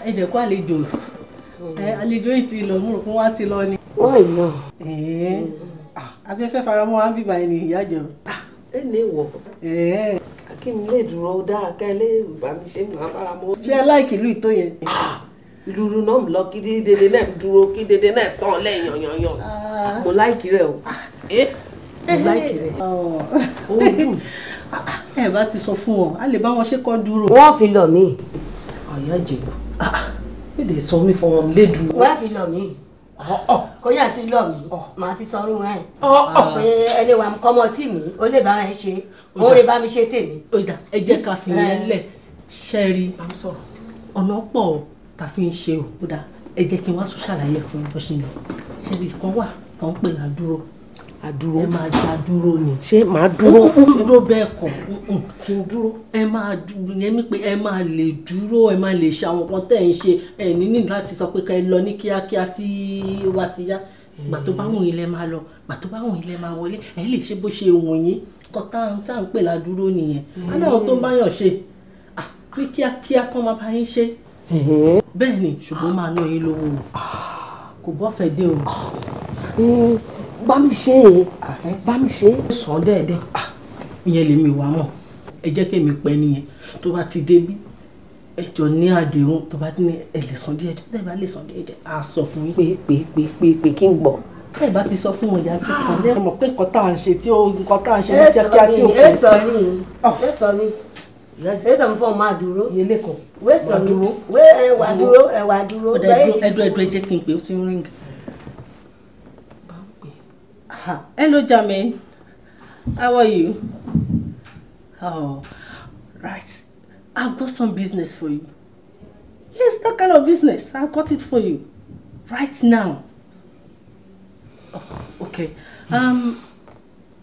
ẹ dẹ̀ kó àlejò mm. àlejò yìí ti lọ mú rò kó wá ti lọ ni. wọ́n ì lọ. afẹ́fẹ́ faramọ́ wa ń bíbá ẹni ìyá jẹun. ẹ ní ìwọ kí n lè dúró dáa ká ẹ lè bá mi ṣe máa fara mọ́. ṣé ẹ láìkì ìlú ìtó yẹn. lulu náà lọ kí dédé náà dúró kí dédé náà tán lẹ́yìn yanyan mo láìkì rẹ o láìkì rẹ̀ ó dùn ẹ bá ti sọ fún wọn a lè bá wọn ṣe kọ́ dúró. wọ́n fi lọ mí. àyà jẹ̀bù èdè sọ mí fọwọ́n lédu. wọ́n fi lọ mí kó yà fi lọ mí màá ti sọ rúwẹ́ pé ẹni wà kọ́mọ tì mí ó lè bá ẹ ṣe òun lè bá mi ṣe tèmi. ẹ jẹ́ ká fi yẹn eh. lẹ̀ ṣe rí ọ̀nà pọ̀ tàfi ń ṣe ò ẹ jẹ́ kí n wá sọ ṣàlàyé fún bó ṣe lọ ṣe rí kan wà tó ń pè ládùúró àdúró. ẹ máa gba dúró ni. ṣé màá dúró. dúró mm, mm, mm, bẹ́ẹ̀ kọ́ kí n dúró. ẹ máa yẹn mi pé ẹ máa lè dúró ẹ máa lè ṣe àwọn nǹkan tẹ̀ ń ṣe ẹ níní láti sọ pé ká ẹ lọ ní kíákíá tí wá ti yá gbà tó bá wùn yín lẹ máa lọ gbà tó bá wùn yín lẹ máa wọlé ẹ lè ṣe bó ṣe wùn yín kọ tá à ń pè ládùúró nìyẹn aláwọ tó ń báyàn ṣe pé kíákíá kán máa bá yín ṣe bẹ́ẹ̀ ni ṣùgbọ́n máa ná yín lówó kò bọ́fẹ̀ẹ́ dé o. Ah bá mi ṣe é bá mi ṣe é. sọ dẹ́ẹ̀dẹ́ ah, ìyẹn lèmi wà mọ̀ ẹ jẹ́ kémi pẹ́ nìyẹn tó bá ti débí ẹjọ ní àdéhùn tó bá ní ẹ lè san díẹ̀ díẹ̀ bá lè san díẹ̀ díẹ̀ á sọ fún yín. pé pé pé pé pé kí n gbọ́. bẹ́ẹ̀ bá ti sọ fún wọn yàtọ̀ kan lẹ́yìn mọ̀ pé nǹkan tá à ń ṣe tí ó nǹkan tá à ń ṣe ní kíákíá tí ó kù. ẹ sọ mi ah. ẹ sọ mi ẹ sọ mi fún ọmọ àdúró. yẹlẹ kọ wẹ sọ mi wẹ wà dúró ẹ wà dúró. ẹdùn ẹdùn ẹ jẹ́ kí n pè ó ti ń Hello, Jamin. How are you? Oh, right. I've got some business for you. Yes, that kind of business. I've got it for you. Right now. Oh, okay. Um,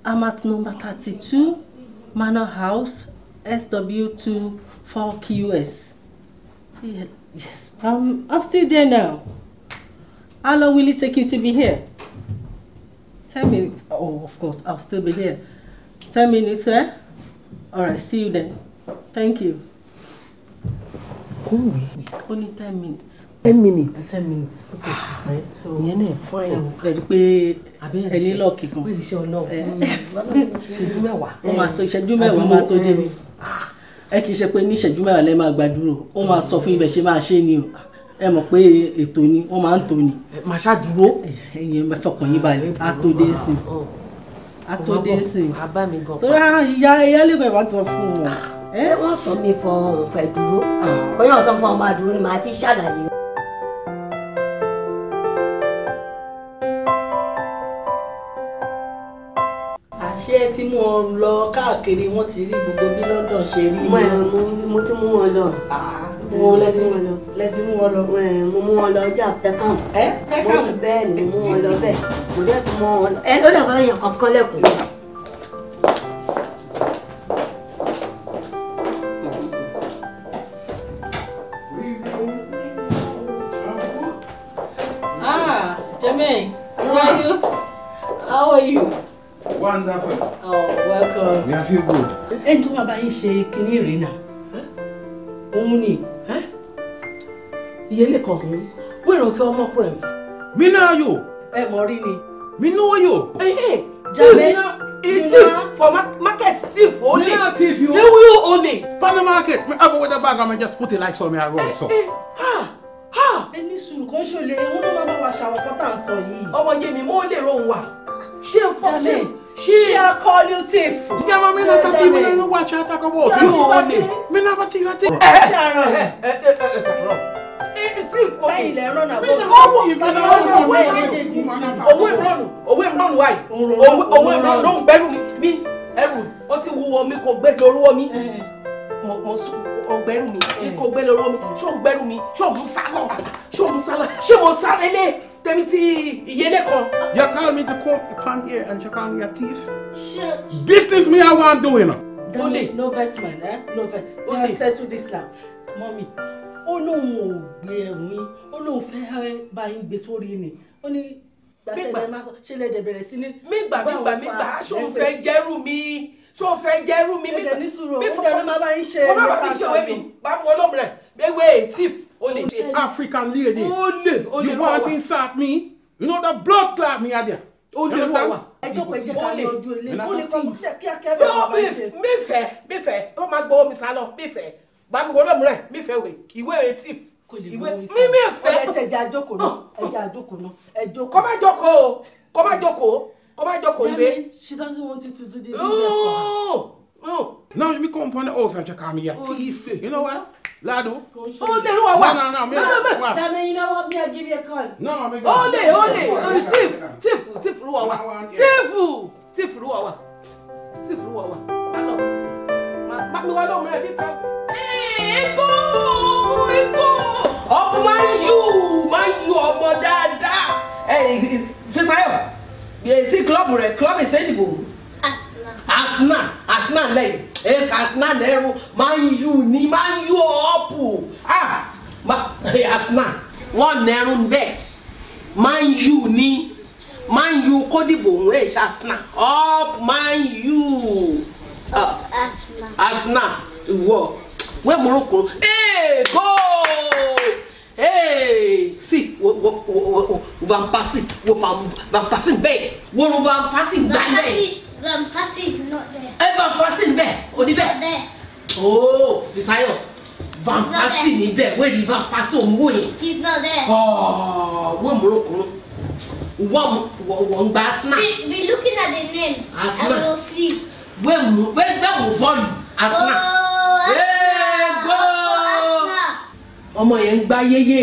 I'm at number 32, Manor House, SW2 4QS. Yeah, yes, um, I'm still there now. How long will it take you to be here? 10 minutes. Oh, of course, I'll still be here. 10 minutes, eh? All right, see you then. Thank you. Only, only 10 minutes. 10 minutes. 10 minutes. Okay. Ah, right. So, ìyẹn náà fine. Ẹ rí pé ẹni lọ́ọ̀kì kan. Wẹ́ẹ̀lì iṣẹ́ ọlọ́run. Hmm. Ìṣẹ́jú [laughs] mẹ́wàá. Wọ́n máa tó ìṣẹ́jú hmm. mẹ́wàá máa tó débi. Hmm. Ah, ẹ kì í ṣe pé ní ìṣẹ́jú mẹ́wàá lẹ́ máa gbàdúrò. Ó máa sọ fún ibẹ̀ ṣe máa ṣe ni o. Ah ẹ mọ̀ pé ètò ni wọ́n máa ń tò ní. màá ṣàdúró. ẹ̀yin ẹ fọkàn yín balẹ̀ àtòdé sìn àtòdé sìn torí ìyá ẹyálẹ́gbẹ̀ẹ́ bá ti fún wọn. wọ́n sọ mi fọ òun fẹ́ dúró ah. kọ́yọ̀ sọ fún ọmọ àdúró ni màá ti ṣàlàyé. ṣé tí mo lọ káàkiri wọn ti rí gbogbo bí London ṣe rí. mo ti mú wọn lọ. Ah mo lẹ́tí wọn lọ lẹ́tí mú wọn lọ. mo mú wọn lọ ọjà pẹ́kàn mo bẹ́ẹ̀ ni mo mú wọn lọ bẹ́ẹ̀ mo dẹ́ tún mọ́ wọn lọ ẹ lọ́dọ̀ fẹ́ yẹn kankan lẹ́kùn. Ah, Jermaine, how are you? How are you? Wonderful. Oh, welcome. Ni a fi gbòòrò. Ẹ ń tún bàbá yín ṣe kínní ìrìnà. ìyẹlé kan ọ̀hún wọ́n ìrántí ọmọkùnrin mi. mi náà yò. ẹ mọ̀ rí ni. mi náà ẹ ẹ jàre thief for market thief only. mi náà thief yóò. ewu yóò only. pami market mi abo wẹ́dẹ́ bag am I just put it like so mi arọ sọ. ẹni sùúrù kan ṣòlè wọn ló máa wá ṣàwọn pátá sọ yìí. ọmọ yẹmi mo lè rohùn wa ṣé n fọ ṣé n she are call you thief. Ti ama mi na ta ti mi na wa cha ta ko bo ti o le. Mi na ba ti ga ti. Eh. Eh eh eh sẹ́yìn lẹ̀ rán náà owó ìrọ̀rùn owó ìrọ̀rùn wáyé owó ìrọ̀rùn ló ń gbẹ́rù mi ẹrù ó ti wúwo mi kò gbé lórúwọ́ mi mo sọ ọgbẹ́rù mi ikọ̀ ọgbẹ́ lórúwọ́ mi ṣé òun gbẹ́rù mi ṣé òun sálọ̀ ṣé òun sálọ̀ ṣé mo sálẹ̀ lé tẹ̀mí ti ìyẹlé kan. You call me to come, come here and check on your thief. Business me I wan doing. Dami, no vex man, eh? no vex. Let's settle this now. Mommy, ó lóun ò gbé ẹrù yín ó lóun fẹ́ bá yín gbé sórí ni ó ní gbàtẹ́lẹ̀ máa sọ ṣé lẹ́dẹ̀ bẹ̀rẹ̀ sí ní. mígbà mígbà mígbà ṣó ń fẹ́ jẹ́rù mi ṣó ń fẹ́ jẹ́rù mi. ẹ̀jẹ̀ ní sùúrù mi fọwọ́ máa bá yín ṣe ẹ̀yẹ káàkiri. ọlọ́run ní ṣe wẹ́mi bá wọ ọlọ́run rẹ̀ ewé thief o lè ṣe. African lady you want insult me you know the blood clot me adìyà ó lè wà wà. ẹjọ́ pé jẹ́ ká lọ ojú ilé ó lè kọ́ mú kíákíá bẹ̀rẹ̀ bá ṣe. mi fẹ́ mi fẹ́ ó máa gbọ́ omi sálọ mi fẹ́ bàmí wọlé múlẹ̀ mífẹ̀wé ìwé rẹ̀ tì ìwé mímí ìfẹ́. ọ̀rẹ́ ẹja àjókòó náà ẹja àjókòó náà ẹjókòó. kọ́ bá jókòó kọ́ [laughs] bá jókòó kọ́ bá jókòó ìwé. she doesn't want you to do the business for her. náà mi kò ń pọ́n ní ọ̀fẹ́ jẹ́ ká mi yà tí you know what ladu. o le wa wa no no no no dami you know what me i give you a call. no mi go. o le o le tiff tiff tiff ruwa wa tiff tiff ruwa wa tiff ruwa wa. má lọ má mi wá lóhùn rẹ bí fẹ́. wọn dáadáa Fisáyọ̀ èsì kílọ̀bù rẹ̀ kílọ̀bù ìsẹ́yìnbó Arsenal Arsenal lẹ́yìn èsì Arsenal lẹ́rù Man U ní Man U ọ̀pù ah, Arsenal wọ́n nẹ́rù bẹ́ẹ̀ Man ni. ní Man U kódìbò òun rẹ̀ ṣe Arsenal up Man U ah, Arsenal ìwọ wẹ́ẹ̀mú rúkun ẹ̀ẹ́dọ́ọ̀. Hey, si wo wo wo wo vampasi wo vampasi bẹ́ẹ̀ woro vampasi gbà bẹ́ẹ̀. Vampasi is not there. Ẹ vampasi bẹ́ẹ̀ o ní bẹ́ẹ̀. Oh Fisayo vampasi ní bẹ́ẹ̀ wẹ́ẹ̀ ní vampasi òun wò yẹn. He He's not there. Oh, Ọ̀ọ́ wọ́n mú lókun wọ́n wọ́n gba Asna. We be looking at the names. Asna. I will sleep. Wẹ́ẹ̀ mú wẹ́ẹ̀ bẹ́ẹ̀ wò Oh, asma. Yeah. ọmọ yẹn gbá yéyé.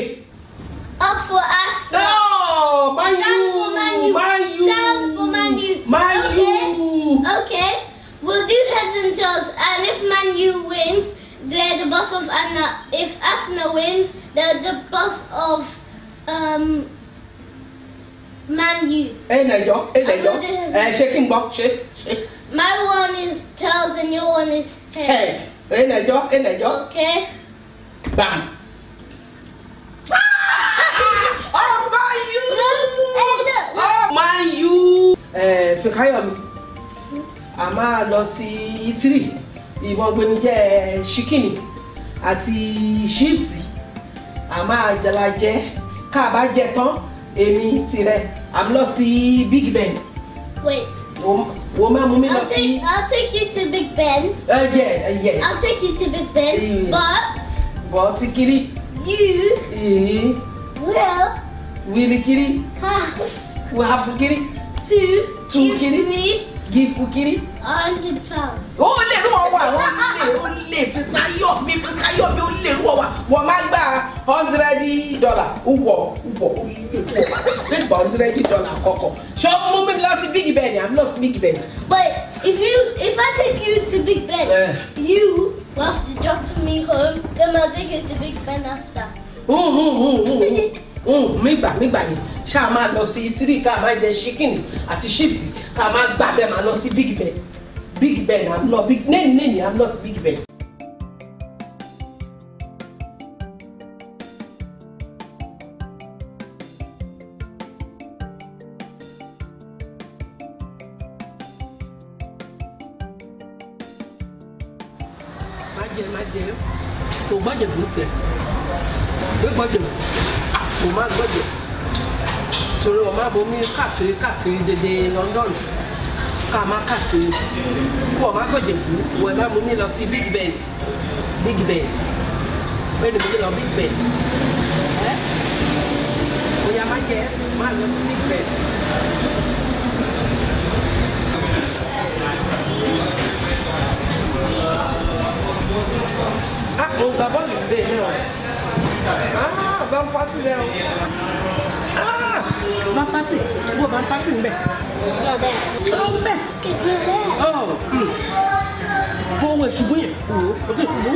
up for us? no Man U Man U down for Man okay okay we'll do heads and tails and if Man U wins they're the boss of Anna if Asna wins they're the boss of um, Man U. ẹ nàìjọ ẹ nàìjọ ẹ ṣé kí n shake. ṣé my one is tails and your one is heads. heads. Hey, Najo, hey, Najo. Okay. Bam. ọ̀rọ̀ máa yú. ọ̀rọ̀ máa yú. fìkáyọ̀mí a máa lọ sí italy ìwọ gbẹmíjẹ ṣíkìnì àti ṣíìpsì a máa jala jẹ ká a bá jẹ tán èmi tirẹ̀ a lọ sí big ben. wait. Wo máa mú mi lọ sí. I'll take you to Big Ben. Uh, yeah, eh, yes. I'll take you to Big Ben, yeah. but. But kiri. you Well. Mm-hmm. will Willy kitty. Have. Will have kitty. Two. Two kitty. Give Fukiri. hundred pounds. ó lè rú ọwọ́ àwọn olè olè Fisáyọ̀ mi Fisáyọ̀ mi ó lè rú ọwọ́ wọ́n máa gba hundred dollar wọ̀ wọ̀ olè gba hundred dollar kọ̀kọ̀ ṣé o mú mi lọ sí Big Ben I'm not Big Ben. but if you if I take you to Big Ben uh. Eh. you have to drop me home then I take you to Big Ben after. Ooh, ooh, ooh, ooh mi gbà mi gbà yẹn ṣáà máa lọ sí tírì ká máa jẹ ṣíkìnì àti ṣípsì ká máa gbà máa lọ sí big ben big ben à ń lọ big nẹ́ẹ̀nì nẹ́ẹ̀nì à ń lọ sí big ben. káàkiri káàkiri dédé London ká máa káàkiri kó o máa sọ̀jẹ̀kú wọ̀ ẹ̀ bá mo ní lọ sí Big Ben Big Ben pé ni mo ní lọ Big Ben ẹ́ òyà má jẹ́ má lọ sí Big Ben. Ah, on va voir les élèves. Ah, on va voir les élèves bá pásì bó bá pásì ń bẹ̀. ó ń bẹ̀. ọ̀ bó owó ìṣubú yẹn wò ó o ti kú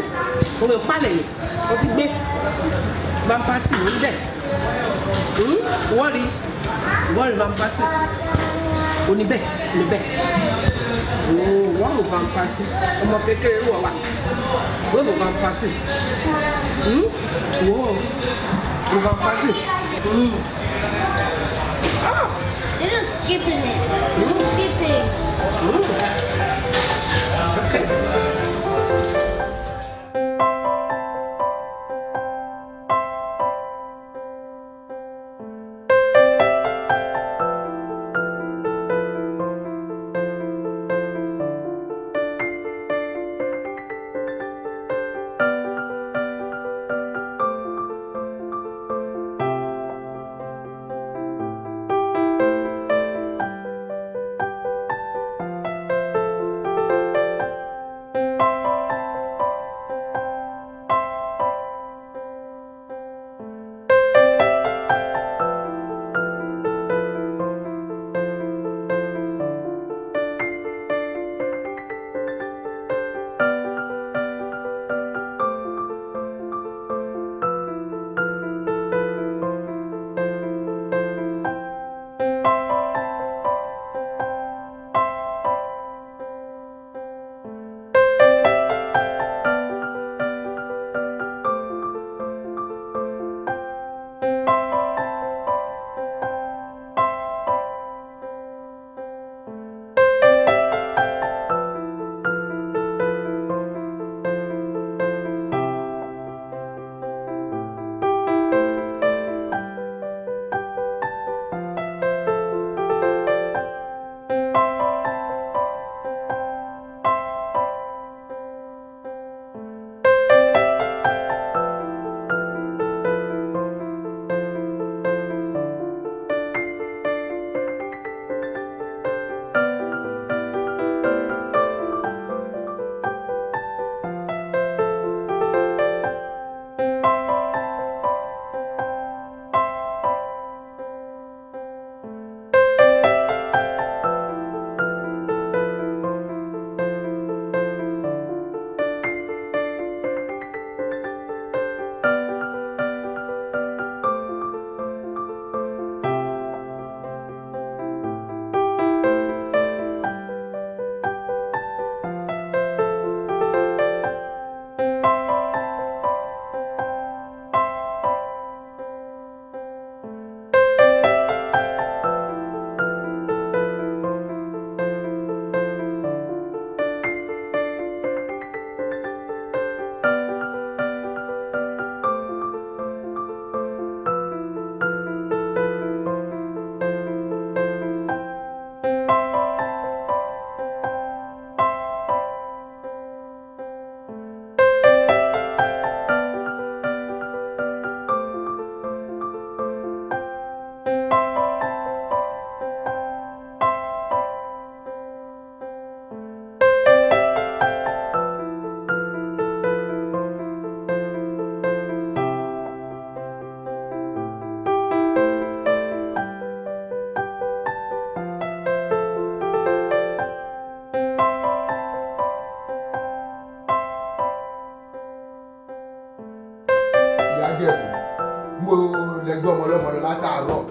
owó ìpalẹ̀ yẹn o ti gbé bá pásì ń bẹ̀. wọ́ọ̀rì hmm? wọ́ọ̀rì bá pásì oníbẹ̀ níbẹ̀ wọ́n mú pampasi ọmọ kékeré wọ̀ wá wọ́n mú pampasi hmm? wọ́n mú pampasi. skipping it. Ooh. Skipping. Ooh.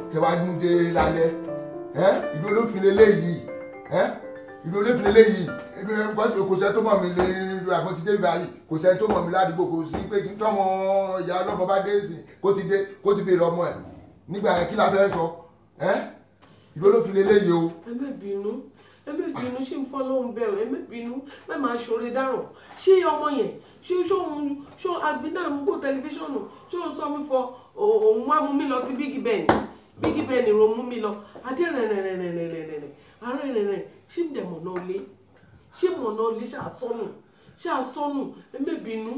tí wàá mú dé lálẹ́ ìlú olófin eléyìí ìlú olófin eléyìí kò sẹ́ tó mọ̀ mí lé àkọ́ ti dé báyìí kò sẹ́ tó mọ̀ mí ládùúgbò kò sí pé kí n tọ́ wọn ìyá ọlọ́mọ bá dé sí kó ti dé kó ti béèrè ọmọ ẹ̀ nígbà yẹn kí la fẹ́ sọ ìlú olófin eléyìí o. ẹ má bínú ẹ má bínú ṣé n fọ́ lóhun bẹ̀rù ẹ má bínú má máa ṣoore dáràn ṣé ọmọ yẹn ṣé ṣóhun ṣó àgbínà ń gbọ́ tẹlifíṣọ̀nù ṣóhun sọ mi fọ òun wá mú mi lọ sí bígì bẹ́ẹ̀ ni bígí bẹ́ẹ̀ ni ro mú mi lọ adé rẹ̀rẹ̀rẹ̀rẹ̀rẹ̀rẹ̀ ara rẹ̀rẹ̀ ṣé ń dẹ̀mọ̀ náà lé ṣé mọ̀ náà lé ṣàṣọ́nù ṣàṣọ́nù ẹ̀mẹ́bìnú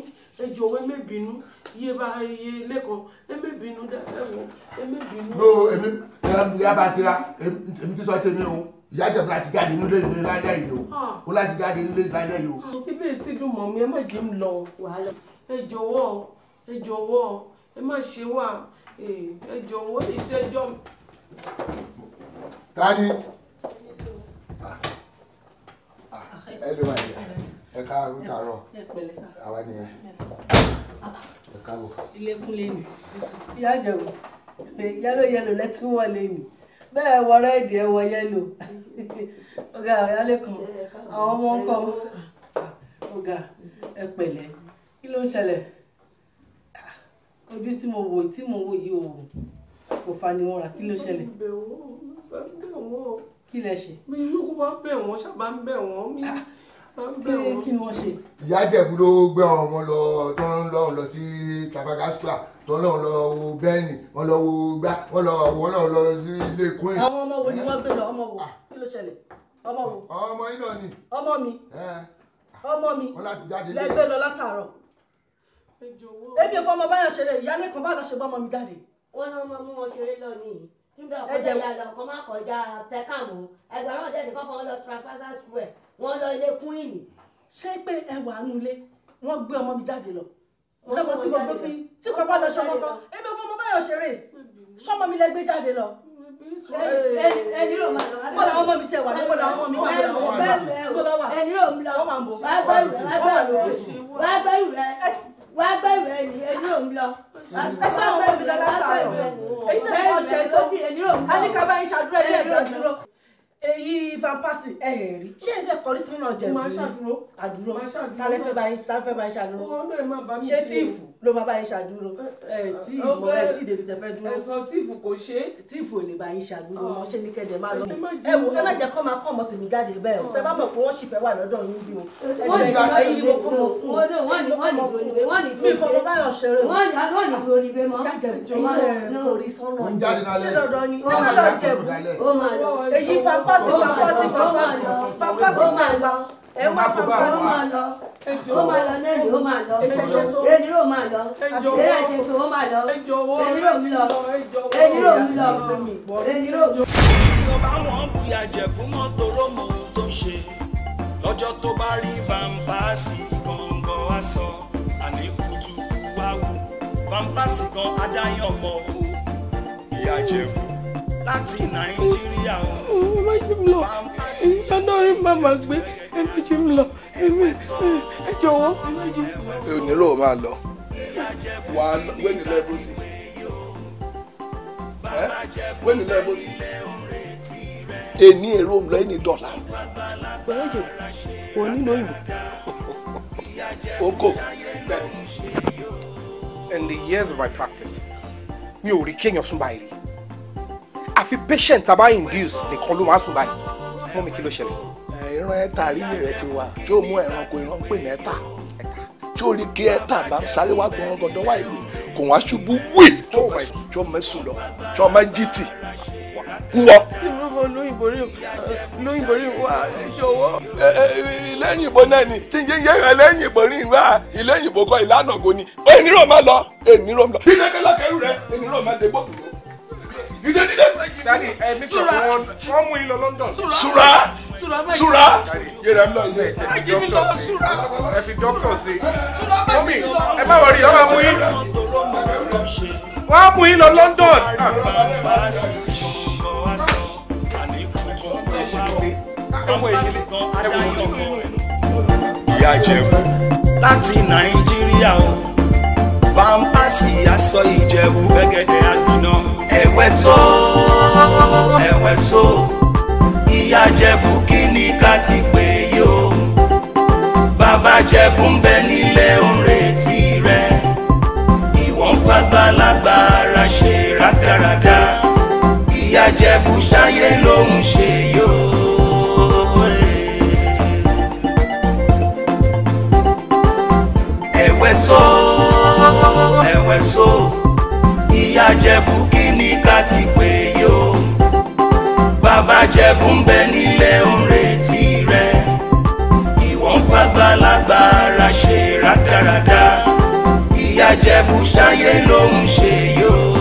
ẹjọ́ ẹ̀mẹ́bìnú iye bá iye lẹ́kan ẹ̀mẹ́bìnú ẹ̀wọ̀ ẹ̀mẹ́bìnú. ló èmi ìyá bá sira èmi ti sọ tèmi o ìyá jẹ̀bù láti jáde nílé ìlú láyé yìí o o ah. láti jáde nílé ìlú láyé yìí o. Ah, ibi ètí dùn mọ́ mi ẹ má jí mi lọ wàhálà ẹ jọ̀wọ́ ẹ jọ̀wọ́ ẹ má ṣe wà Eh, ẹ jọ̀wọ́ ìṣẹ́jọ́ mi. tani ẹni wà ní ẹ ká rúta rọ àwa nìyẹn ẹ káàbọ̀. ilẹ̀kùn lẹ́nu ìyá àjẹwò yálò yẹlò lẹ́tún wọ̀ lẹ́nu bẹ́ẹ̀ wọ rẹ́ẹ̀dì ẹ wọ yẹlò ọ̀gá ọ̀yálẹ̀ kan àwọn ọmọ ń kọ́ ọ̀gá ẹ pẹ̀lẹ́ kí ló ń ṣẹlẹ̀ ojú tí mo wò tí mo wò yìí o kò fa ni wọn rà kí ló ṣẹlẹ̀. kí lẹ ṣe. mi yóò wá bẹ̀ wọ́n sábà ń bẹ̀ wọ́n mi ah, kí ni wọ́n ṣe. ìyá jẹ̀bú ló gbé àwọn ọmọ lọ tó ń lọ lọ sí Trafalgar Square tó ń lọ lọ wo bẹ́ẹ̀nì wọ́n lọ wo gbá wọ́n lọ wọ́n lọ lọ sí ilé queen. àwọn ọmọ wo ni wọ́n gbé lọ ọmọ wo ah. kí ló ṣẹlẹ̀ ọmọ wo. ọmọ yín náà ni. ọmọ mi eh. ọmọ mi lẹgbẹ́ lọ látàárọ̀ èmi ò fọmọ báyọ̀ ṣeré ìyá nìkan báyọ̀ ṣe gbọ́mọ mi jáde. wọn náà mọ mú wọn ṣeré lọ nìyí nígbà ọkọjá ìyàlọ kan má kọjá pẹkàmù ẹgbẹ̀rún ọdẹ nìkan fọwọ́ lọ Trafalgar Square wọn lọ ilé Queen. ṣé pé ẹwà nulẹ̀ wọ́n gbé ọmọ mi jáde lọ lọ́mọ tí mo gbé fi tí kò bá lọ ṣọmọ kan èmi ò fọmọ báyọ̀ ṣeré ṣọmọ mi lẹ gbé jáde lọ ẹni ló máa lọ bọ́lá ọmọ mi tẹ wà ní bọ́lá ọmọ mi wà bọ́lá wà ẹni ló ń lọ wà gbẹ́rù rẹ wà gbẹ́rù rẹ wá gbẹ̀rù ẹni ẹni ò ń lọ. ẹ bá wọn bẹ̀rù lọ látàrọ èyí tẹ̀ lọ ṣe tó àníkà bá yín ṣàdúrà ilé ẹ̀dọ́ dúró èyí fanpasi ẹ ẹ rí ṣé ẹ dẹ̀ kọrí sínú ọjà ìlú àdúró àdúró tálẹ́fẹ́ bá yín ṣàdúró ṣé tíìfù ló máa bá yín ṣàdúró ẹ tí ìmọ̀ ẹ tí ìdèbí tẹ fẹ́ dúró. ẹ̀sán tíìfù kò ṣe é. tíìfù ò lè bá yín ṣàdúró wọn ṣé ní kẹ́dẹ̀ máa lọ. ẹ wò ẹ má jẹ́ kó máa kọ́ ọmọ tèmi jáde bẹ́ẹ̀ o tẹ bá mọ̀ pé wọ́n sì fẹ́ wà lọ́dọ̀ yín bí o. wọ́n ní ìdúró níbẹ̀ wọ́n ní ìdúró níbẹ̀ wọ́n ní ìdúró níbẹ̀ wọ́n ní ìdúró níbẹ̀ mọ́. jáde jẹ́ kó rí sọ́nà jẹ́ ṣé dandan ni ẹ má lọ jẹ̀bù. èyí fanfọ́sì fanfọ́sì fanfọ́sì fanfọ́sì ti àgbà ẹ wá fún wa ó máa lọ nẹ́ẹ̀lì ó máa lọ ẹnirò máa lọ àbúrò àṣetò ó máa lọ ẹnirò mi lọ ẹnirò mi lọ ẹnirò mi. èèyàn bá wọn bùyà jẹ̀bú mọ́ toró mọ ohun tó ń ṣe lọ́jọ́ tó bá rí vampasi gbọ̀ngàn wá sọ àní kutuku wá wù vampasi gan adáyàn mọ́ ìyá jẹ̀bú láti nàìjíríà o. ẹ má jí mi lọ ìyáná rí màmá gbé ẹ má jí mi lọ ẹ jọ̀wọ́ ẹ má jí mi lọ. ẹ máa lọ wà á lọ wẹ́ni lẹ́ẹ̀bù sí ẹ wẹ́ni lẹ́ẹ̀bù sí èní èrò ń dọ̀là. bẹ́ẹ̀ jẹ́ òní lóyún. oko in the years of my practice mi ò rí kéèyàn sún báyìí àfi patient tàbá induce nìkan ló máa sùn báyìí fún mi kí ló ṣẹlẹ̀. ìran ẹ̀ta rí rẹ̀ ti wà tí ó mú ẹranko ìran pè ní ẹ̀ta tí ó rí kí ẹ̀ta bá sáré wá gbọ́n gọ́dọ̀ wá ìwé kò wá ṣubú wí tí ó mẹ́sùn lọ tí ó mẹ́ jìtì wọ. lóyún borí wa jọ̀wọ́. lẹ́yìn ìbò náà ni kí n yé yé rẹ lẹ́yìn ìbò rí wa ilé ìbò kọ ìlànà ògo ni ènìrò máa lọ ènìrò máa lọ. bí lẹ́kẹ́lẹ́kẹ́ rú rẹ ènìrò máa dé gbòkùnrin you don't need it. daddy ẹ mr wọn wọn mú yín lọ London. sura sura yẹra ń lọ ilé ẹ ti fi doctor sí ẹ fi doctor sí mọ́mí ẹ má wọrí ọ máa mú yín wọ́n á mú yín lọ London. ìyá jẹ̀bú láti nàìjíríà o pampasi aṣọ ìjẹ̀bù gbẹ̀gẹ̀dẹ̀ àgbìnà. ẹ̀wẹ̀ so ẹ̀wẹ̀ so ìyá jẹ̀bù kí ni ká ti pè yí o bàbá jẹ̀bù ń bẹ nílé òun retí rẹ ìwọ̀n fàgbàlagbà ara ṣe rádaràda ìyá jẹ̀bù ṣayé lòun ṣe yóò. ẹ̀wẹ̀ so wẹ̀wẹ̀ so ìyá jẹ̀bú kí ni ká ti pè yó bàbá jẹ̀bú ń bẹ nílé ń retí rẹ ìwọ ń fagbálagbá ara ṣe rádaràda ìyá jẹ̀bú ṣayé ló ṣe yó.